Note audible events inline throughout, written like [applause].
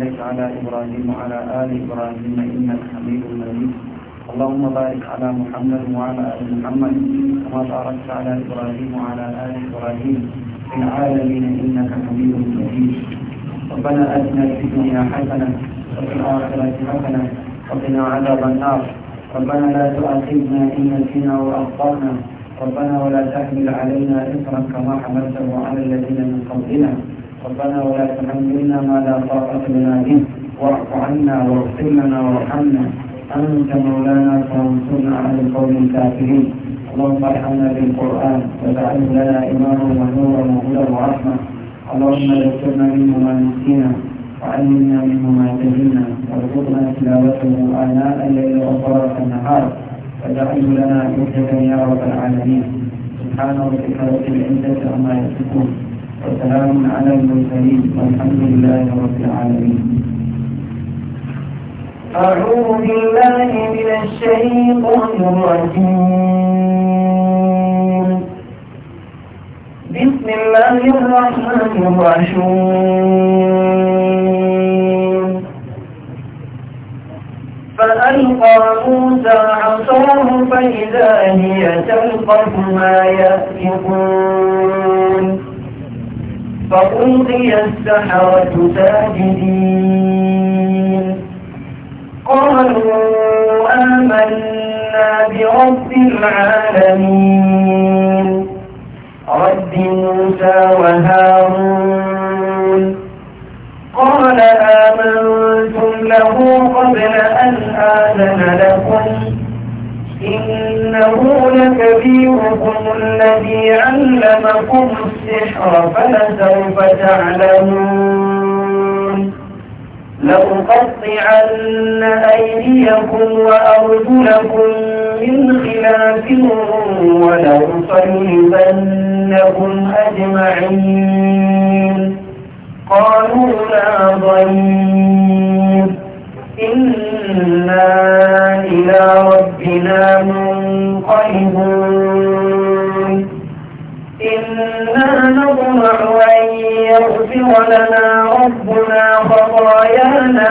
وبارك على إبراهيم وعلى آل إبراهيم إنك حميد مجيد اللهم بارك على محمد وعلى آل محمد كما باركت على إبراهيم وعلى آل إبراهيم في العالمين إنك حميد مجيد ربنا آتنا في الدنيا حسنة وفي الآخرة حسنة وقنا عذاب النار ربنا لا تؤاخذنا إن نسينا وأخطأنا ربنا ولا تحمل علينا إصرا كما حملته على الذين من قبلنا ربنا ولا تحملنا ما لا طاقة لنا به واعف عنا واغفر لنا وارحمنا أنت مولانا فانصرنا على القوم الكافرين اللهم ارحمنا بالقرآن واجعله لنا إماما ونورا وهدى ورحمة اللهم ذكرنا منه ما نسينا وعلمنا منه ما جهلنا وارزقنا تلاوته آناء الليل وطرف النهار واجعله لنا حجة يا رب العالمين سبحان ربك رب العزة عما يصفون وسلام على المرسلين والحمد لله رب العالمين أعوذ بالله من الشيطان الرجيم بسم الله الرحمن الرحيم فألقى موسى عصاه فإذا هي تلقف ما يأفكون فألقي السحرة ساجدين قالوا آمنا برب العالمين رب موسى وهارون قال آمنتم له قبل أن آذن لكم إنه لكبيركم الذي علمكم السحر فلسوف تعلمون لأقطعن أيديكم وأرجلكم من خلاف ولأصلبنكم أجمعين قالوا لا ضير إنا إلى ربنا منقلبون إنا نطمع أن يغفر لنا ربنا خطايانا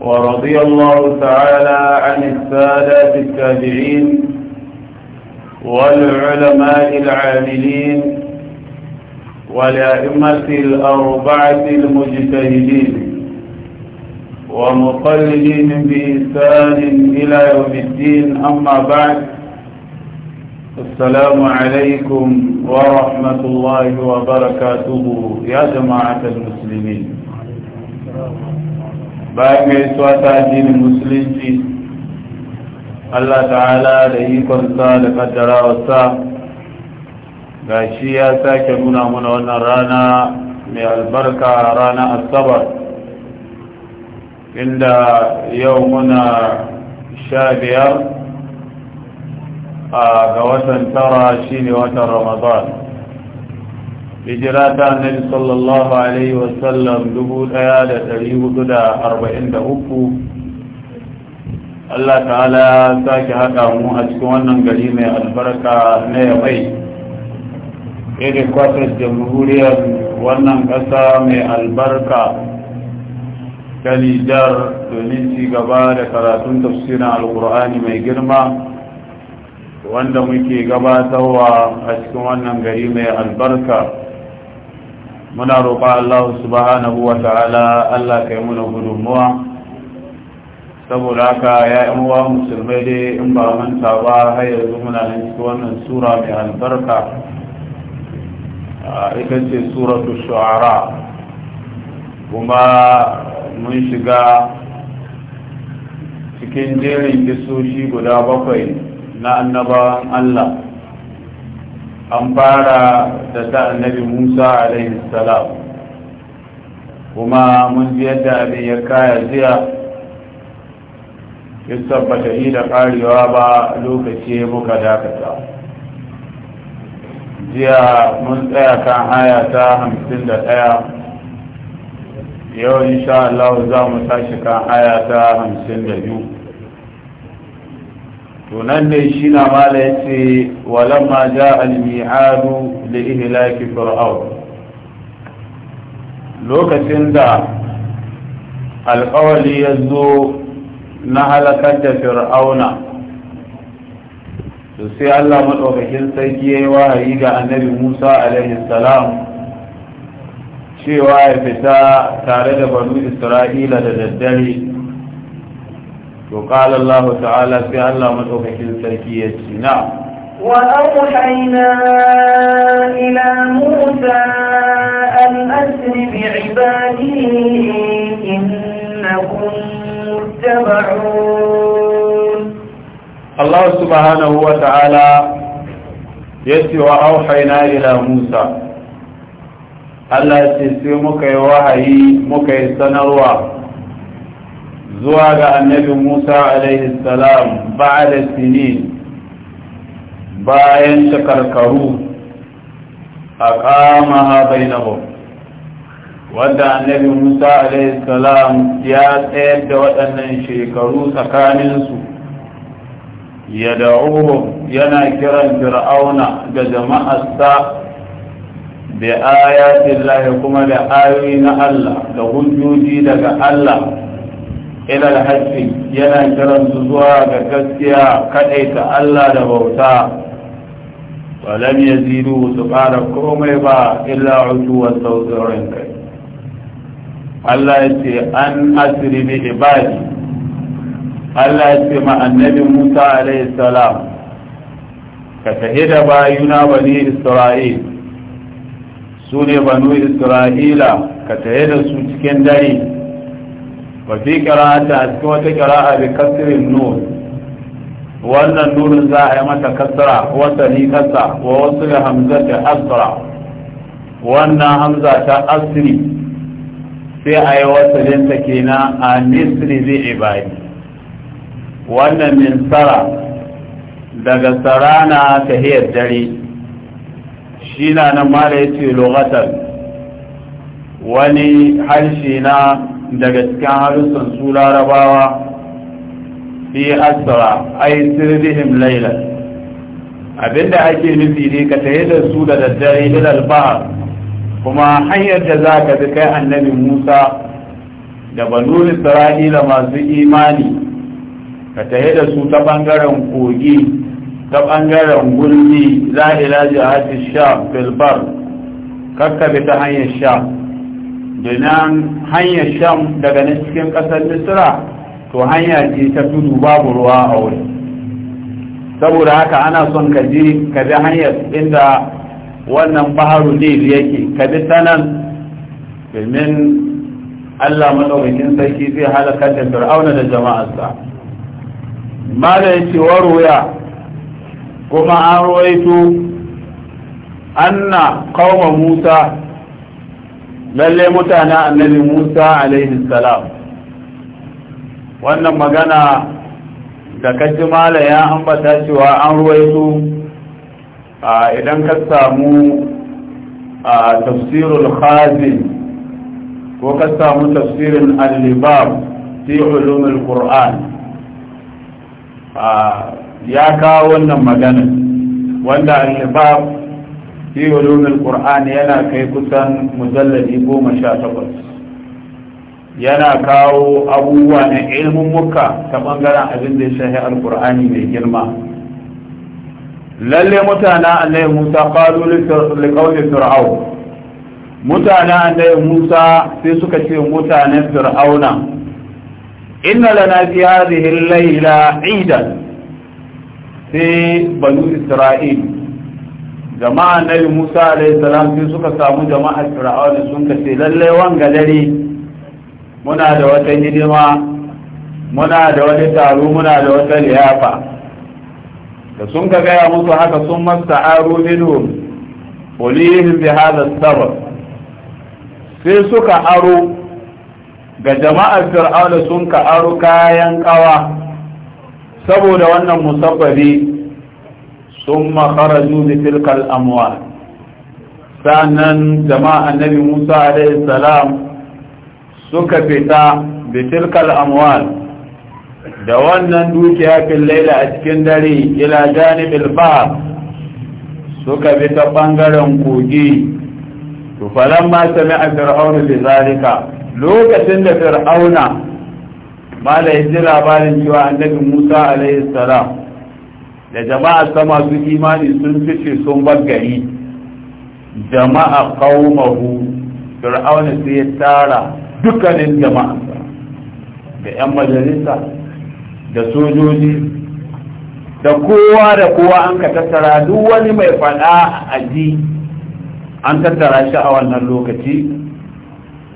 ورضي الله تعالى عن السادة التابعين والعلماء العاملين والأئمة الأربعة المجتهدين ومقلدين بإحسان إلى يوم الدين أما بعد السلام عليكم ورحمة الله وبركاته يا جماعة المسلمين bayan gaisuwa ta addinin musulunci Allah ta'ala da ikonsa da wasa. ga shi ya sake nuna muna wannan rana mai albarka rana asabar inda yau muna sha biyar a ga watan tara shine watan ramadan hijira ta annabi sallallahu alaihi wasallam uku. Allah ta'ala sake haɗa mu a cikin wannan gari mai albarka na yamai irin kwatar jamhuriyar wannan ƙasa mai albarka ta nijar domin ci gaba da karatun tafsirin alkur'ani mai girma wanda muke gabatarwa a cikin wannan gari mai albarka muna roƙa Allah subhanahu wa ta'ala Allah ka yi muna gudunmuwa saboda haka ya uwa musulmai dai in ba manta ba har yanzu muna nan cikin wannan sura mai albarka ah, ita ce suratu shu'ara kuma mun shiga cikin jerin kisoshi guda bakwai na annabawan Allah an fara da ta annabi musa alaihi salam kuma mun ji yadda abin ya kaya jiya yusuf bata yi da karewa ba lokaci muka dakata jiya mun tsaya kan haya ta hamsin da ɗaya yau insha Allah za mu tashi kan haya ta hamsin da biyu tunan ne shi na mala ya ce ma ja almi'adu da ihilaki fir'au lokacin da alkawali ya zo na halakar da fir'auna to sai allah maɗaukakin sarki ya yi wahayi ga annabi musa alaihi salam cewa ya fita tare da banu isra'ila da daddare وقال الله تعالى في الله مدعوك للتركية نعم وأوحينا إلى موسى أن أسر بعبادي إنكم متبعون الله سبحانه وتعالى يسي وأوحينا إلى موسى ألا ce مكي وحي مكي wahayi zuwa ga annabi musa alaihi salam da sinin bayan shekarkaru a kama bainahum wanda annabi musa alaihi salam ya tsayar da waɗannan shekaru tsakaninsu ya da'uhum yana kiran fir'auna da jama'arsa da ayatin lahi kuma da ayoyi na allah da hujjoji daga allah ilal hajji yana kiran su zuwa ga gaskiya ta Allah da bauta walam yazidu su fara komai ba illa utuwa sautsirin kai Allah ya ce an asiri bi ibadi Allah ya ce ma annabi Musa alaihi salam ka tahi da bayuna bani Isra'il su ne banu Isra'ila ka tahi da su cikin dare wafi ƙira'ata a cikin wata ƙira'a bi kasirin nun wannan nunin za a yi mata kasra wata ni kasa wa wasu Hamza ta asra wannan hamza ta asri sai a yi wasalinta na a nisri zai ibadi wannan min sara daga sarana ta hiyar dare shi na nan mara ya ce lokacin wani harshe na daga cikin harsun su larabawa fi asra ai sirrihim laylan abinda ake nufi ne ka tayi da su da daddare ila al kuma hanyar da za ka bi kai annabi Musa da banu Isra'ila masu imani ka tayi da su ta bangaren kogi ta bangaren gulbi la ilaha illa sham fil bar bi ta hanyar sha. domin hanyar sham daga na cikin ƙasar misira to hanya ce ta tudu babu ruwa a wuri saboda haka ana son ka je ka bi hanyar inda wannan baharu ne yake ka bi sanan domin allah madaukakin sarki zai halakar da fir'auna da jama'arsa mala ya ce waruya kuma an ruwaito anna kauma musa lalle mutane annabi musa alaihi salam wannan magana da kaji mala ya ambata cewa an ruwaito idan ka samu tafsirul khazin ko ka samu tafsirin al-libab fi ulumul qur'an ya kawo wannan magana wanda al-libab fi ulumin qur'an yana kai kusan mujalladi goma sha takwas yana kawo abubuwa na ilmin muka ta bangaren abin da ya shahi alqur'ani mai girma lalle mutanen annabi musa qalu liqawli fir'aun mutanen annabi musa sai suka ce mutanen fir'auna inna lana fi hadhihi al-layla 'idan sai banu isra'il jama'a nabi musa alaihi salam sun suka samu jama'a fir'auna sun ka ce lalle wanga dare muna da wata hidima muna da wani taro muna da wata liyafa da sun ka gaya musu haka sun masta aro minhum ulihim bi hadha sabar sai suka aro ga jama'ar fir'auna sun ka aro kayan kawa saboda wannan musabbabi sun makaraju bi tilkal amwa sannan jama'a annabi musa alaihi salam suka fita bi tilkal amwal da wannan dukiya fil laila a cikin dare ila janibil bahr suka bi ta bangaren kogi to falamma sami'a fir'aun bi zalika lokacin da fir'auna mala yaji labarin cewa annabi Musa alaihi salam da jama'a ta masu imani sun fice sun bar gari jama'a qaumahu fir'auna sai ya tara dukkanin jama'a da yan majalisa da sojoji da kowa da kowa an ka tattara duk wani mai faɗa a ji an tattara shi a wannan lokaci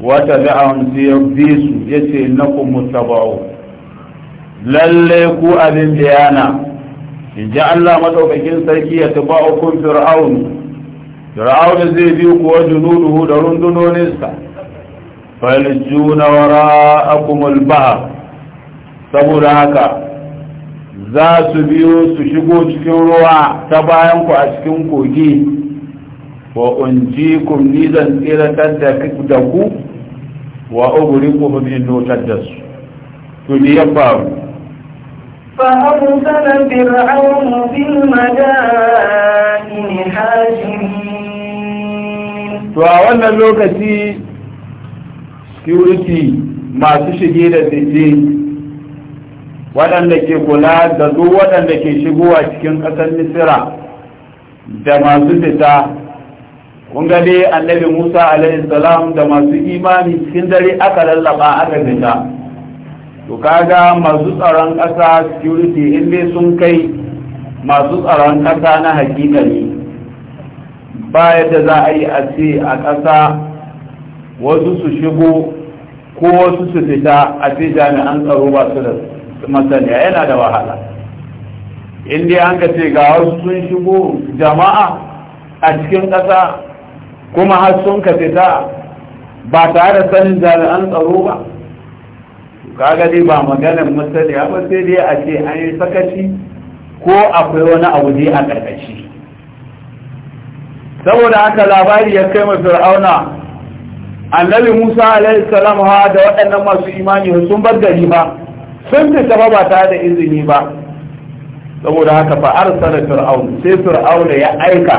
wata da'awun ya bi su ya ce na kuma lalle ku abin bayana. yana in ji Allah madaukakin sarki ya tuba ukun fir'aun fir'aun zai bi kuwa junuduhu da rundunoninsa faljuna wara'akumul baha. saboda haka za su biyo su shigo cikin ruwa ta bayan ku a cikin kogi wa kun ni zan tsiratar da ku wa ugriquhum in nutar da su to ne ya faru فأرسل فرعون في المدائن حاشرين وأولا لوكتي security masu shige da fice waɗanda ke kula da duk waɗanda ke shigowa cikin ƙasar misira da masu fita kun gane annabi musa alaihi salam da masu imani cikin dare aka lallaba aka fita to kaga masu tsaron ƙasa security in dai sun kai masu tsaron ƙasa na hakikani ba yadda za a yi a ce a ƙasa wasu su shigo ko wasu su fita a ce jami'an tsaro ba su da masaniya yana da wahala in dai an ka ce ga wasu sun shigo jama'a a cikin ƙasa kuma har sun ka fita ba tare da sanin jami'an tsaro ba kaga dai ba maganar masaliya ba sai dai a ce an yi sakaci ko akwai wani abu dai a ƙarƙashi saboda haka labari ya kai ma fir'auna annabi musa alaihi salam ha da waɗannan masu imani sun bar gari ba sun fita ba tare da izini ba saboda haka fa arsala fir'aun sai Fir'auna ya aika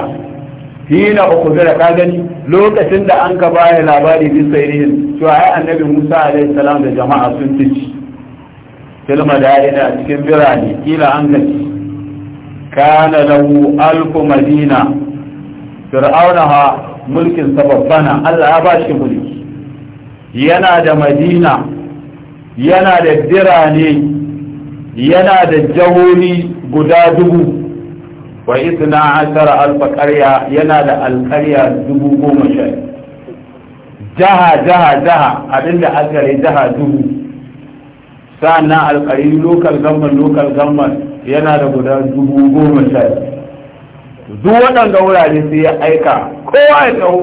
hina zira ka gani lokacin da an ka baya labari bin sairihin to ai annabi Musa alaihi salam da jama'a sun tici tilma da ina cikin birane kila an ka ci kana lahu alfu madina fir'aunaha mulkin sababbana Allah ya bashi mulki yana da madina yana da birane yana da jaholi guda dubu wa isna ashara alfa yana da alqarya dubu goma sha jaha jaha jaha abinda akare jaha dubu sannan alqari lokal gamman lokal gamman yana da guda dubu goma sha duk waɗanda wurare sai ya aika kowa ya taho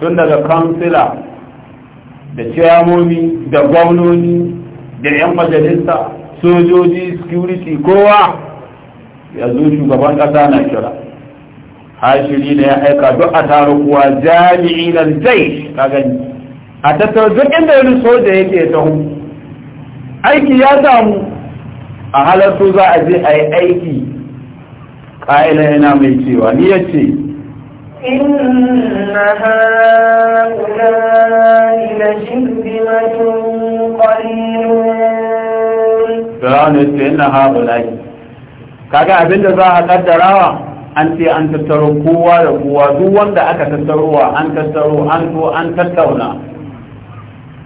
tun daga kansila da ciyamomi da gwamnoni da 'yan majalisa sojoji security kowa yanzu shugaban kasa na kira hashiri ne ya aika duk a taro kuwa jami'i na zai ka gani a tattara duk inda wani soja yake taho aiki ya samu a halartu za a je a yi aiki ƙa'ila yana mai cewa ni ya ce inna biyu la shirbimatun qalilun Fir'aun ya ce inna ha'ulai kaga abinda za a kaddarawa an ce an tattaro kowa da kowa duk wanda aka tattarowa an tattaro an so an tattauna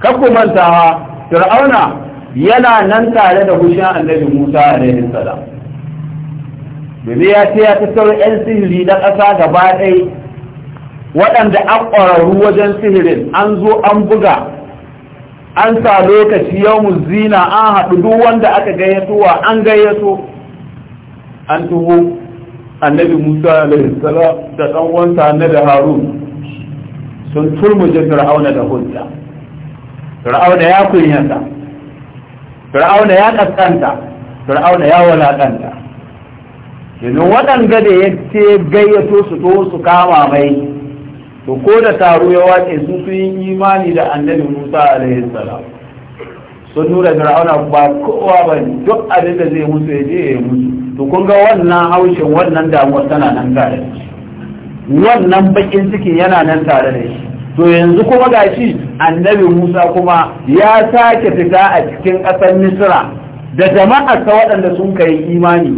kakku mantawa fir'auna yana nan tare da hushin annabi musa alaihi salam domin ya ce ya tattaro 'yan sihiri na ƙasa gaba ɗaya waɗanda an ƙwararru wajen sihirin an zo an buga an sa lokaci yau zina an haɗu duk wanda aka gayyatowa an gayyato an tuhu annabi musa alaihi salam da dan uwansa annabi harun sun turmuje fir'auna da hujja fir'auna ya kunyata fir'auna ya kaskanta fir'auna ya walakanta yanzu waɗanda da ya ce gayyato su to su kama mai to ko da taro ya wace su sun yi imani da annabi musa alaihi salam sun nuna fir'auna ba kowa ba duk abin da zai musu ya je ya musu to kun ga wannan haushin wannan damuwar tana nan tare da shi wannan bakin cikin yana nan tare da shi to yanzu kuma gashi annabi Musa kuma ya sake fita a cikin ƙasar Misra da jama'ar ta waɗanda sun kai imani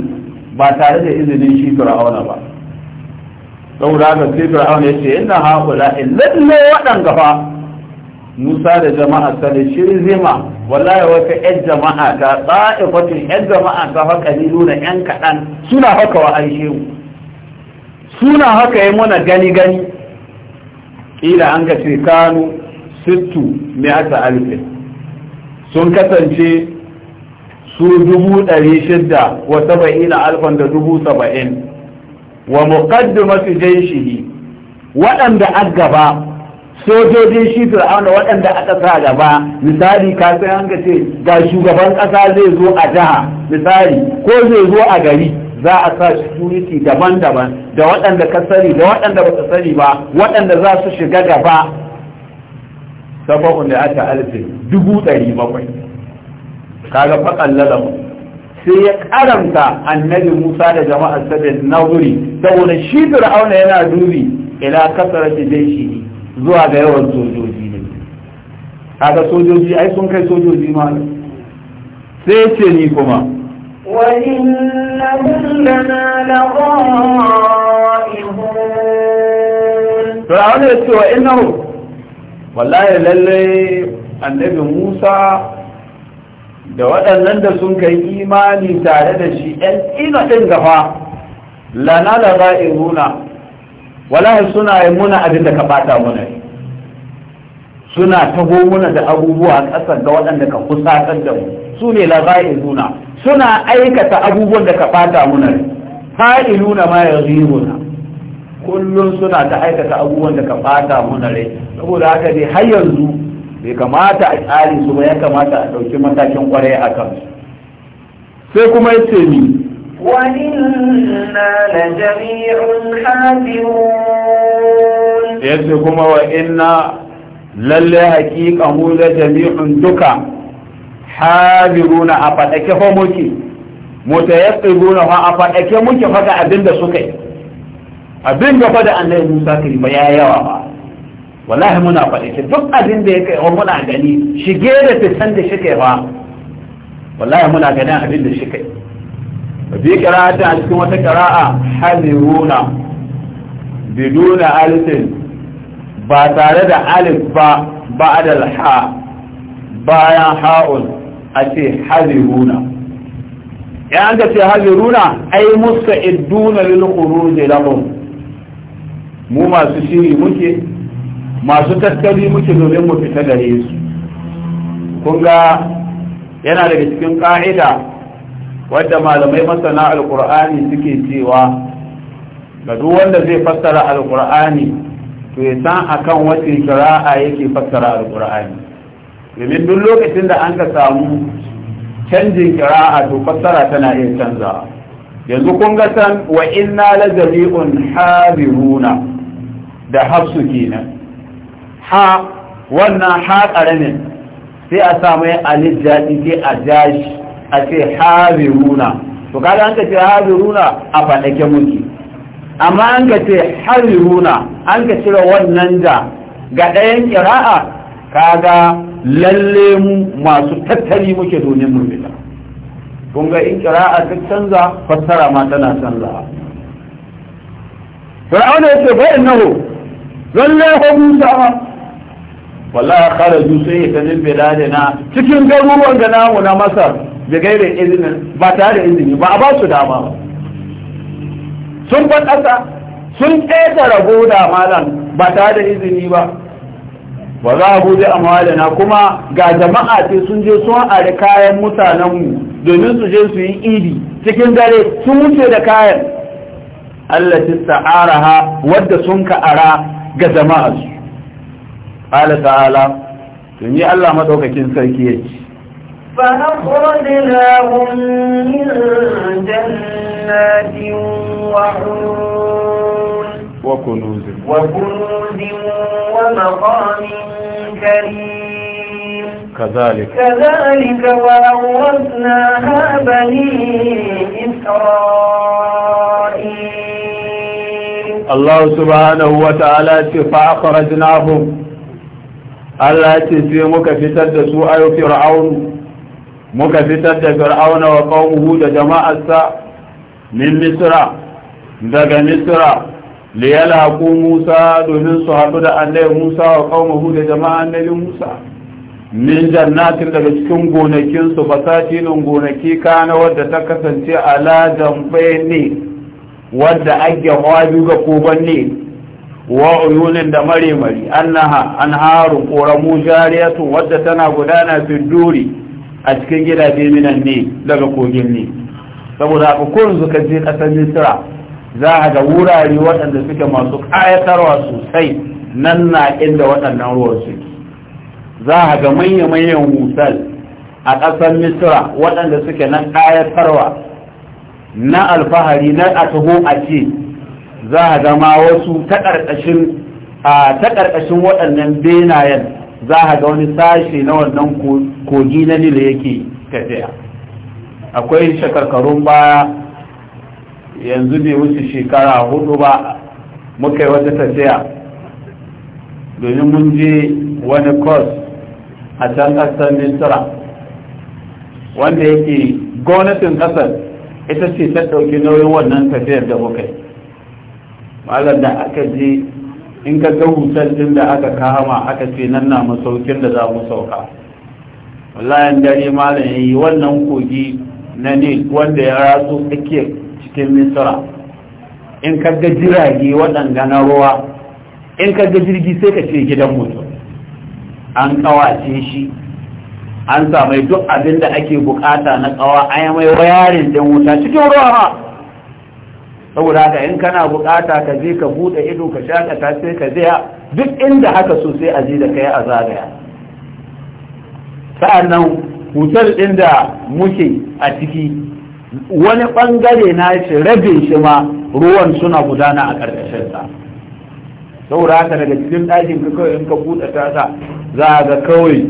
ba tare da izinin shi Fir'auna ba saboda haka sai Fir'auna ya ce inna haula illa waɗanda fa musa da jama'a ta da shirzima wallahi wata yan jama'a ta tsa'ifatin yan jama'a ta haka ni nuna yan kaɗan suna haka wa an shehu suna haka yi muna gani gani ƙila an ga ce kanu sittu mi'ata alfin sun kasance su dubu ɗari shidda wa saba'ina alfan da dubu saba'in wa muqaddimatu jaishihi waɗanda an gaba sojojin shi fir'auna waɗanda aka sa gaba misali ka sai an ce ga shugaban ƙasa zai zo a jiha misali ko zai zo a gari za a sa security daban-daban da waɗanda ka sani da waɗanda ba ka sani ba waɗanda za su shiga gaba sabon da aka alfin dubu ɗari bakwai kaga faƙan ladamu. sai ya karanta annabi Musa da jama'ar sa da wuri saboda shi Fir'auna yana dubi ila shi ne zuwa da yawan sojoji ne kaga sojoji ai sun kai sojoji ma sai ce ni kuma وإنهم لنا لغائبون فرعون يقول وإنهم wallahi lallai annabi Musa da waɗannan da sun kai imani tare da shi ɗan ina ɗin gafa lana da za'iruna wallahi suna yi muna abin da ka bata muna suna taho muna da abubuwa a kasar da waɗanda ka kusatar da mu su ne nuna. suna aikata abubuwan da ka bata muna fa'iluna ma muna. kullum suna ta aikata abubuwan da ka bata muna rai saboda haka dai har yanzu bai kamata a tsari su ba ya kamata a ɗauki matakin kwarai a kansu sai kuma ya ce ni wa inna la kuma wa lalle haƙiƙa mu jami'un duka habiruna a faɗake fa muke mu ta yi fa a faɗake muke faɗa abin da suka yi abin da faɗa annai ba ya yawa ba wallahi muna faɗake duk abin da ya kai wa gani shige da fitan da shi kai ba wallahi muna ganin abin da shi kai fi qira'ati a cikin wata qira'a hadiruna biduna alifin ba tare da alif ba ba'da al-ha bayan ha'un a ce hadiruna ya ce hadiruna ai musta'iduna lil khuruj lahum mu masu shiri muke masu tattali muke domin mu fita gare su kun yana daga cikin ƙa'ida. wadda malamai masana alkur'ani suke cewa ga duk wanda zai fassara alkur'ani to ya san akan wace kira'a yake fassara alkur'ani domin duk lokacin da an ka samu canjin kira'a to fassara tana iya canzawa yanzu kun ga san wa inna la jami'un hadiruna da hafsu kenan ha wannan ha karamin sai a sa mai alif jadi sai a jashi a ce haziruna to kada an ka ce haziruna a faɗake muke amma an ka ce haziruna an ka cire wannan da ga ɗayan ƙira'a kaga lalle mu masu tattali muke domin mu fita kun ga in ƙira'a ta canza fassara ma tana canza fir'aun ya ce fa innahu lalle ko musa ma wallahi kharaju sai ta nil na cikin garuruwan da namu na masar da gairin izinin ba tare da izini ba a ba su dama ba sun ban ƙasa sun ƙeta rago da malan ba tare da izini ba ba za a buɗe amalina kuma ga jama'a ce sun je sun ari kayan mutanenmu domin su je su yi idi cikin dare sun wuce da kayan allatin ha wadda sun ka ara ga jama'a su ta'ala ni Allah maɗaukakin sarki yake فأخرجناهم من جنات وعيون وكنوز وكنوز ومقام كريم كذلك كذلك وأورثناها بني إسرائيل الله سبحانه وتعالى فأخرجناهم الله ce في سد سوء فرعون muka fitar da fir'auna wa qaumuhu da jama'arsa min misra daga misra ku musa domin su haɗu da annabi musa wa qaumuhu da jama'an annabi musa min jannatin daga cikin gonakin su fasatilun gonaki kana wadda ta kasance ala dambe ne wadda ake hawa ga koban ne wa uyunin da mare mari annaha anharu ƙoramu jariyatu wadda tana gudana fi duri a cikin gidaje minan ne daga kogin ne saboda haka ko yanzu ka je ƙasar misira za a ga wurare waɗanda suke masu ƙayatarwa sosai nan na inda waɗannan ruwan za a ga manya-manyan wutal a ƙasar misira waɗanda suke na ƙayatarwa na alfahari na a taho a ce za a zama wasu ta ƙarƙashin waɗannan benayen za a ga wani sashi na wannan kogi na nila yake tafiya akwai shakarkarun baya yanzu bai wuce shekara hudu ba muka yi wata tafiya domin mun je wani kos a can kasar misira wanda yake gwamnatin ƙasar ita ce ta ɗauki nauyin wannan tafiyar da muka yi malar da aka je in ka ga hutar din da aka kama aka ce nan na masaukin da za mu sauka wallahi dare malam yayi wannan kogi na ne wanda ya rasu tsakiyar cikin misra in ka ga jirage waɗanda na ruwa in ka ga jirgi sai ka ce gidan mutum an kawace shi an samai duk abin da ake bukata na kawa an mai wayarin din wuta cikin ruwa saboda haka in kana bukata ka je ka bude ido ka shakata sai ka zaya duk inda haka so sai a je da kai a zagaya sa'annan hutar inda da muke a ciki wani bangare na shi rabin shi ma ruwan suna gudana a karkashin sa saboda haka daga cikin ɗakin ka kawai in ka bude sa za ga kawai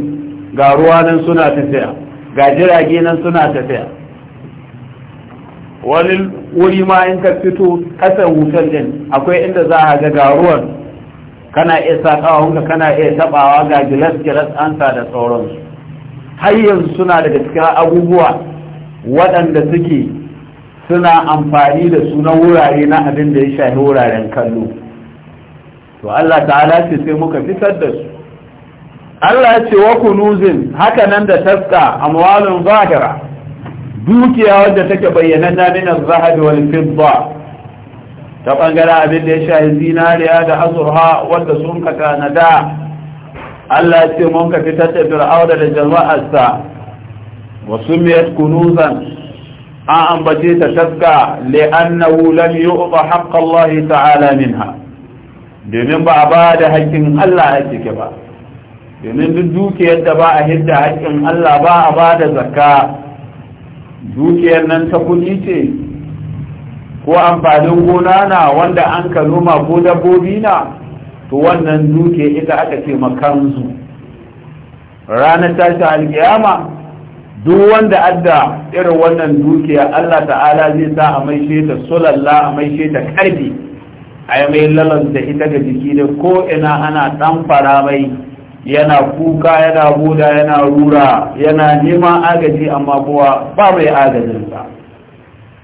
ga ruwa nan suna tafiya ga jirage nan suna tafiya wani wuri ma in ka fito kasar wutar din akwai inda za a ga garuwar kana iya saƙawa hunka kana iya taɓawa ga gilas gilas ansa da sauransu har yanzu suna daga cikin abubuwa waɗanda suke suna amfani da su wurare na abin da ya shafi wuraren kallo to Allah ta'ala ce sai muka fitar da su Allah ya ce wa kunuzin haka nan da taska amwalun zahira dukiya wadda take bayyana min az-zahabi wal fidda ta bangare abin da ya shahi zinariya da azurha wadda sun ka kanada Allah ya ce mun ka fitar da fir'auna da jama'arsa wa sumiyat kunuzan an ambace ta taska li'annahu lam yu'ta haqqa Allah ta'ala minha domin ba a ba da haƙƙin Allah ya cike ba domin duk dukiyar da ba a hidda haƙƙin Allah ba a ba da zakka dukiyar nan ta kudi ce ko amfanin gona na wanda an ka noma ko dabbobi na to wannan dukiyar ita aka ce makanzu ranar tashi alkiyama duk wanda adda irin wannan dukiya Allah ta'ala zai sa a maishe ta sulalla a maishe ta karfi a yi mai lalanta ita ga jiki da ko ina ana ɗan fara mai yana kuka yana buda yana rura yana neman agaji amma kuwa ba mai agajin sa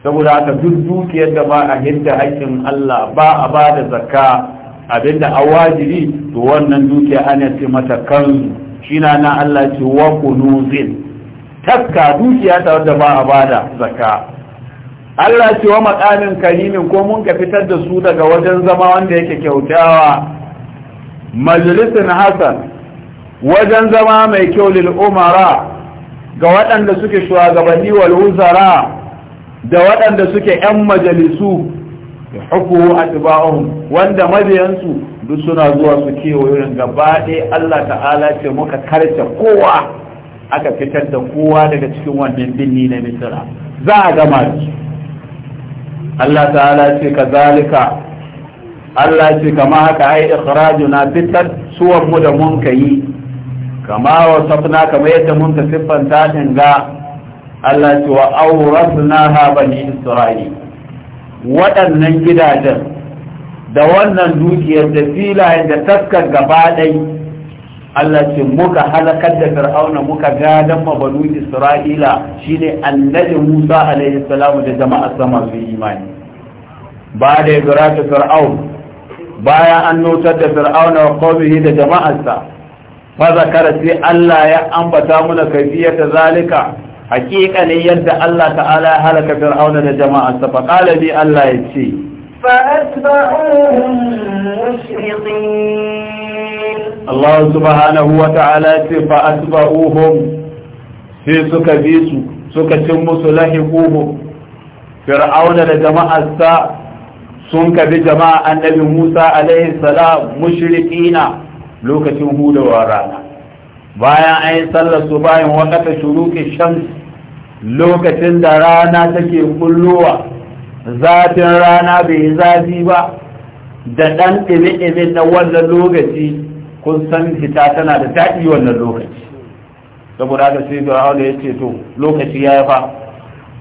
saboda haka duk dukiyar da ba a hidda haƙƙin Allah ba a ba da zakka abinda a wajibi to wannan dukiya ana ce mata kan shi na na Allah ce wa kunuzin takka dukiya ta wadda ba a ba da zakka Allah ce wa makamin karimin ko mun ka fitar da su daga wajen zama wanda yake kyautawa majalisin hasan wajen zama mai kyau lil umara ga waɗanda suke shugabanni wal wuzara da waɗanda suke yan majalisu hukuhu atba'uhum wanda mabiyansu duk suna zuwa su kewayoyin gaba Allah ta'ala ce muka karce kowa aka fitar da kowa daga cikin wannan binni na misira za a gama shi Allah ta'ala ce ka Allah ce kama haka ai ikhrajuna fitar suwar mu da mun kai kama wa safna kama yadda mun ka siffanta din ga Allah ce wa awrasna ha bani isra'il waɗannan gidajen da wannan dukiyar da filayen da taskar gaba ɗai Allah ce muka halakar da fir'auna muka gadan ma banu isra'ila shine annabi Musa alaihi salamu da jama'ar sama su imani ba da ya fir'aun bayan an nutar da fir'auna wa qaumihi da jama'arsa fa zakara sai Allah ya ambata muna kaifiyata zalika hakika ne yadda Allah ta'ala ya halaka fir'auna da jama'arsa fa qala li Allah ya ce fa atba'uhum mushriqin Allah subhanahu wa ta'ala ce fa atba'uhum sai suka bi su suka cin musu lahiquhu fir'auna da jama'arsa sun kabi jama'a annabi Musa alaihi salam mushrikina lokacin hudawa rana bayan an yi sallar su bayan wakata shuruki shams lokacin da rana take kullowa zafin rana bai zafi ba da ɗan ɗime-ɗime na wannan lokaci kun san fita tana da daɗi wannan lokaci saboda haka sai da ya ce to lokaci ya yi fa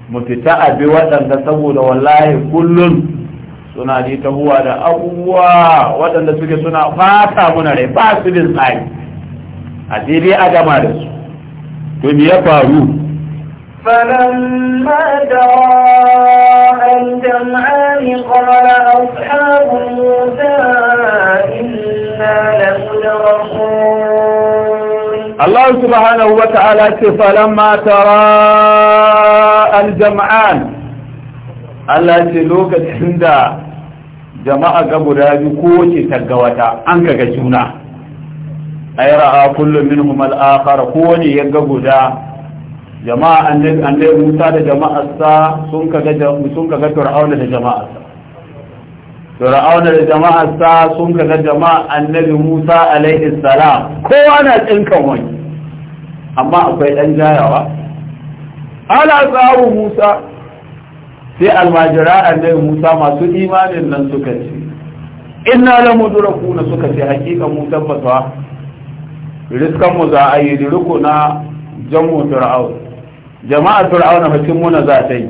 mu fita a bi waɗanda saboda wallahi kullum suna ne ta huwa da abubuwa waɗanda suke suna fata muna rai ba su bin tsari a daidai a gama da su to me ya faru فلما تراءى الجمعان قال أصحاب موسى إنا لمدركون الله سبحانه وتعالى فلما تراءى الجمعان Allah ce lokacin da jama'a ga guda biyu kowace taggawata an kaga juna ay ra'a kullu minhum al-akhar kowane ya ga guda jama'a annabi annabi Musa da jama'arsa sun kaga sun kaga Fir'auna da jama'arsa Fir'auna da sa sun kaga jama'a annabi Musa alaihi salam kowa na tsinkan wani amma akwai dan jayawa ala sawu Musa sai almajira annabi Musa masu imanin nan suka ce inna la na suka ce hakika mu tabbata riskan mu za a yi riko na jamu fir'aun jama'a na fatin mu na za ta yi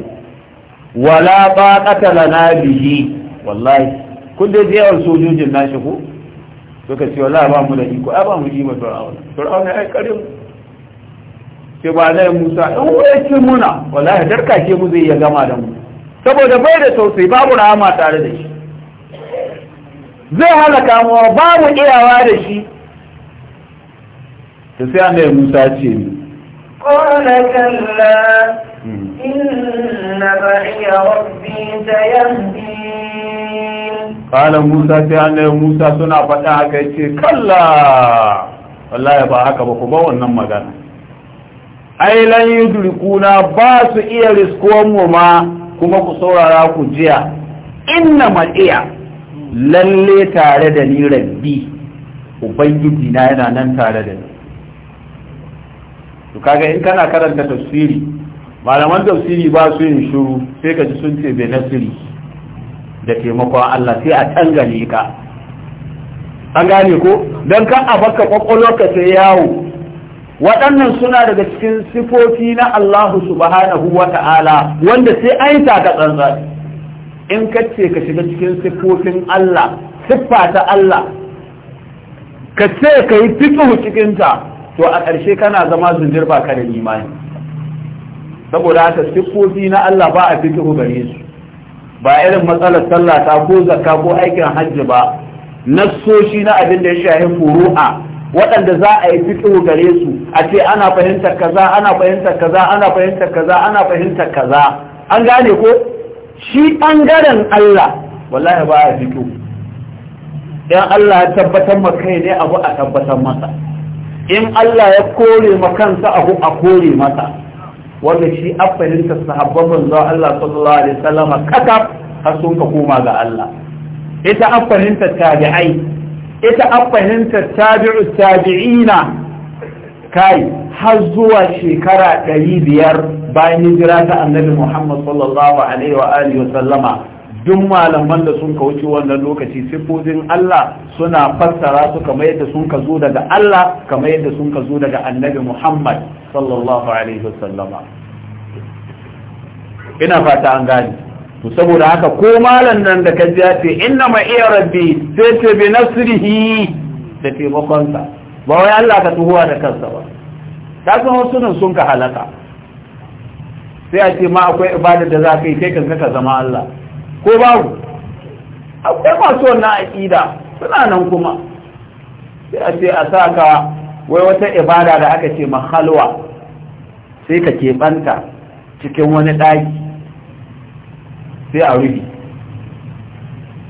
wala ba baqata na bihi wallahi kun dai yawan sojojin nashi ko suka ce wallahi ba mu da iko ai ba mu yi ma fir'auna ne ai karim ke ba na Musa in waye ce muna wallahi darka ke mu zai ya gama da mu saboda bai da tausayi babu rahama tare da shi zai halaka mu babu iyawa da shi ta sai annabi Musa ce ni qala kalla hmm. inna ma'i rabbi sayahdin qala Musa sai annabi Musa suna faɗa haka yace kalla wallahi ba haka ba ku ba wannan magana ai lan yudrikuna ba su iya riskuwan mu ma kuma ku saurara ku jiya inna mal'iya lalle tare da ni rabbi ubangiji na yana nan tare da ni to kaga in kana karanta tafsiri malaman tafsiri ba su yin shiru. sai ka ji sun ce bai nasiri da taimakon Allah sai a tangane ka an gane ko don ka a baka ka sai yawo waɗannan suna daga cikin sifofi na Allah subhanahu wa ta'ala wanda sai an yi taka tsantsan in ka ce ka shiga cikin sifofin Allah siffa ta Allah ka ce ka yi fiƙihu cikinta to a ƙarshe kana zama zunjir ba ka da imani saboda haka sifofi na Allah ba a fiƙihu gare su ba irin matsalar ta ko zakka ko aikin hajji ba nassoshi na abin da ya shahi furu'a waɗanda za a yi fiƙihu gare su a ce ana fahimtar kaza ana fahimtar kaza ana fahimtar kaza ana fahimtar kaza an gane ko shi ɓangaren Allah wallahi ba ya fito in Allah ya tabbatar ma kai ne abu a tabbatar masa in Allah ya kore ma kansa abu a kore masa wanda shi a fahimtar sahabban manzo Allah sallallahu alaihi wasallam kakaf har sun ka koma ga Allah ita a fahimtar tabi'ai ita a fahimtar tabi'u tabi'ina kai har zuwa shekara ɗari biyar bayan hijira ta annabi muhammad sallallahu alaihi wa alihi wa sallama duk malaman da sun ka wuce wannan lokaci siffofin Allah suna fassara su kamar yadda sun ka zo daga Allah kamar yadda sun ka zo daga annabi Muhammad sallallahu alaihi wa sallama. ina fata an gani to saboda haka ko malam nan da ka ji ya ce inna ma iya rabbi sai ce bi nasrihi da taimakonsa ba wai Allah ka tuhuwa da kansa ba ta san wasu nan sun ka halaka sai a ce ma akwai ibada da za ka yi kai kanka ka zama Allah ko babu akwai masu wannan aƙida suna nan kuma sai a ce a sa ka wai wata ibada da aka ce mahalwa sai ka keɓanta cikin wani ɗaki sai a rubi.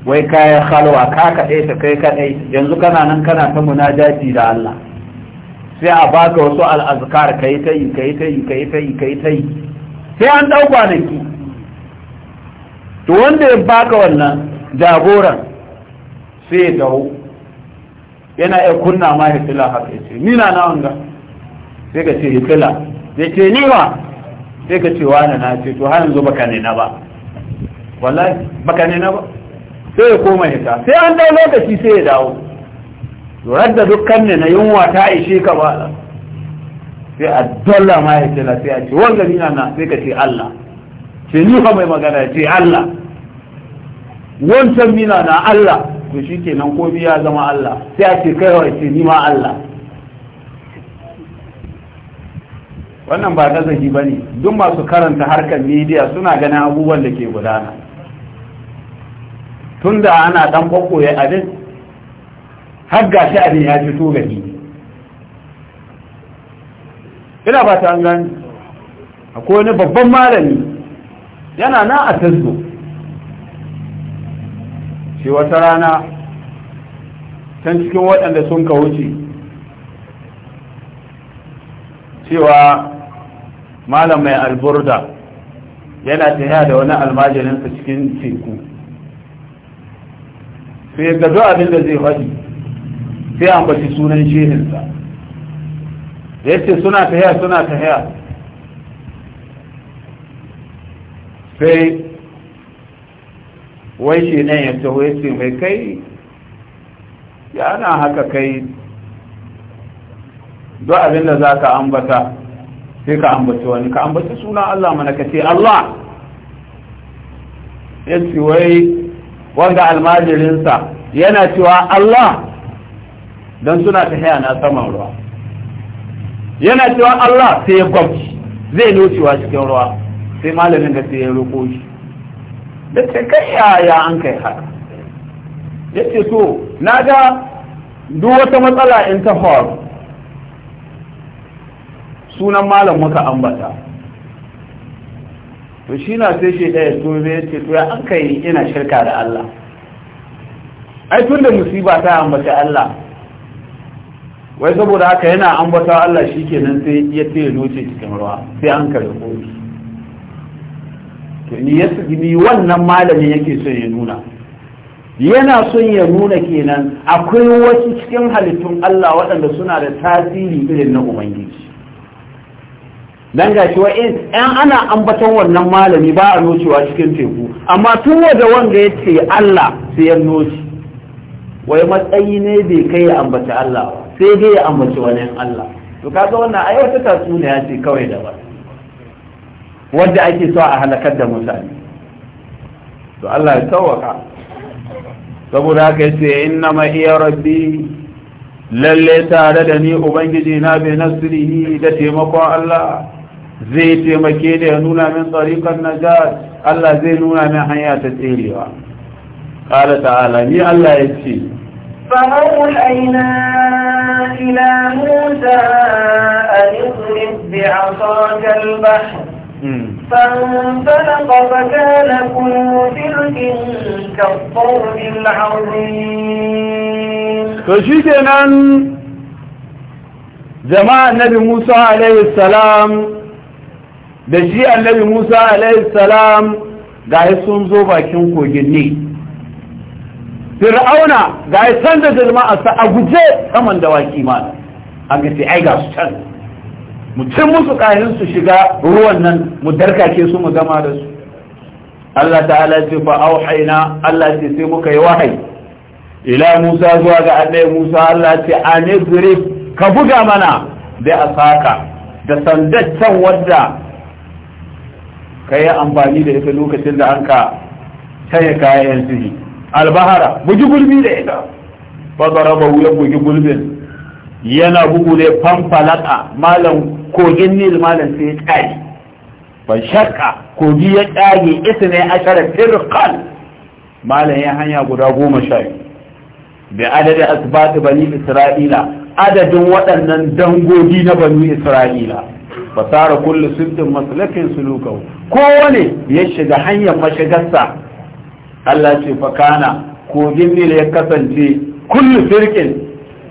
wai kayan halwa ka kaɗai ta kai kaɗai yanzu kana nan kana ta munajati da Allah sai a baka wasu al'azkar ka yi ta yi ka yi ta yi ka yi ta yi ka yi ta yi sai an ɗau kwanaki to wanda ya baka wannan jagoran sai ya dawo yana iya kunna ma hitila haka ya ce ni na wanga sai ka ce hitila ya ce ni wa sai ka ce wani na ce to har yanzu baka ne na ba wallahi baka ne na ba sai ya koma hita sai an dau lokaci sai ya dawo lura da dukkan ne na yunwa ta ishe ka ba sai a dalla ma ya ce na sai a ce wanda ni na sai ka ce Allah ce ni fa mai magana ya ce Allah wancan mina na Allah to shi ke nan ko biya zama Allah sai a ce kai wa ce ni ma Allah wannan ba gazahi ba ne duk masu karanta harkar midiya suna ganin abubuwan da ke gudana tunda ana dan kokoye abin har gashi abin ya fito ni ina ba ta gani akwai wani babban malami yana na a tasgo shi wata rana can cikin waɗanda sun ka wuce cewa malam mai alburda yana tafiya da wani almajirinsa cikin teku sai ga duk abin da zai faɗi sai ambaci sunan shehinsa da yace suna ta haya suna ta haya sai wai shi nan ya taho ya ce mai kai ya na haka kai duk abin da za ka ambata sai ka ambaci wani ka ambaci suna Allah mana ka ce Allah ya ce wai wanga almajirinsa yana cewa Allah don suna ta haya na saman ruwa yana cewa Allah sai ya gwabci zai nocewa cikin ruwa sai malamin da sai ya roƙo shi da ce kai yaya an kai haka ya ce to na ga duk wata matsala in ta faru sunan malam muka ambata to shi na sai shi ɗaya to zai ce to ya an yi ina shirka da Allah ai tun da musiba ta ambata Allah wai saboda haka yana ambata Allah shi kenan sai ya ce loce cikin ruwa sai an kare kofi to ni yasa ni wannan malamin yake son ya nuna yana son ya nuna kenan akwai wasu cikin halittun Allah waɗanda suna da tasiri irin na Ubangiji dan ga cewa in an ana ambaton wannan malami ba a nocewa cikin teku amma tun waje wanda ya ce Allah sai ya noci wai matsayi ne bai kai ya ambaci Allah sai dai ya ambaci wani Allah to kaga wannan ai wata tatsuniya ce kawai da ba wadda ake so a halakar da mutane to Allah ya tawaka saboda haka yace inna ma iya rabbi lalle tare da ni ubangiji na bi nasrihi da taimakon Allah زي تمكيني نونا من طريق النجاة الله زي نونا من حياة تيري قال تعالى مي الله يتشي فأولئنا إلى موسى أن اضرب بعصاك البحر فانفلق فكان كل فرق كالطرد العظيم فشكنا جماعة نبي موسى عليه السلام da shi annabi musa alaihi salam ga sun zo bakin kogin ne fir'auna ga ya san da jama'a sa a guje saman dawaki ma an ga ai ga su can mutum musu kahin su shiga ruwan nan mu darkake su mu gama da su Allah ta'ala ce fa auhayna Allah ce sai muka yi wahayi ila Musa zuwa ga annabi Musa Allah ce anizrif ka buga mana da asaka da sandaccan wadda ka yi amfani da ita lokacin da an ka taya kayan sirri albahara buji gulbi da ita fazara ba wuyan buji gulbin yana bugu ne fanfalaka malam kogin nil malam sai ya tsari ban shakka kogi ya tsage isa ne a shara firkan malam ya hanya guda goma sha biyu bi adadin asibati bani isra'ila adadin waɗannan dangogi na bani isra'ila fasara kullu sirtin maslakin sulukau kowane ya shiga hanyar mashigarsa Allah ce fakana kogin nil ya kasance kullu sirkin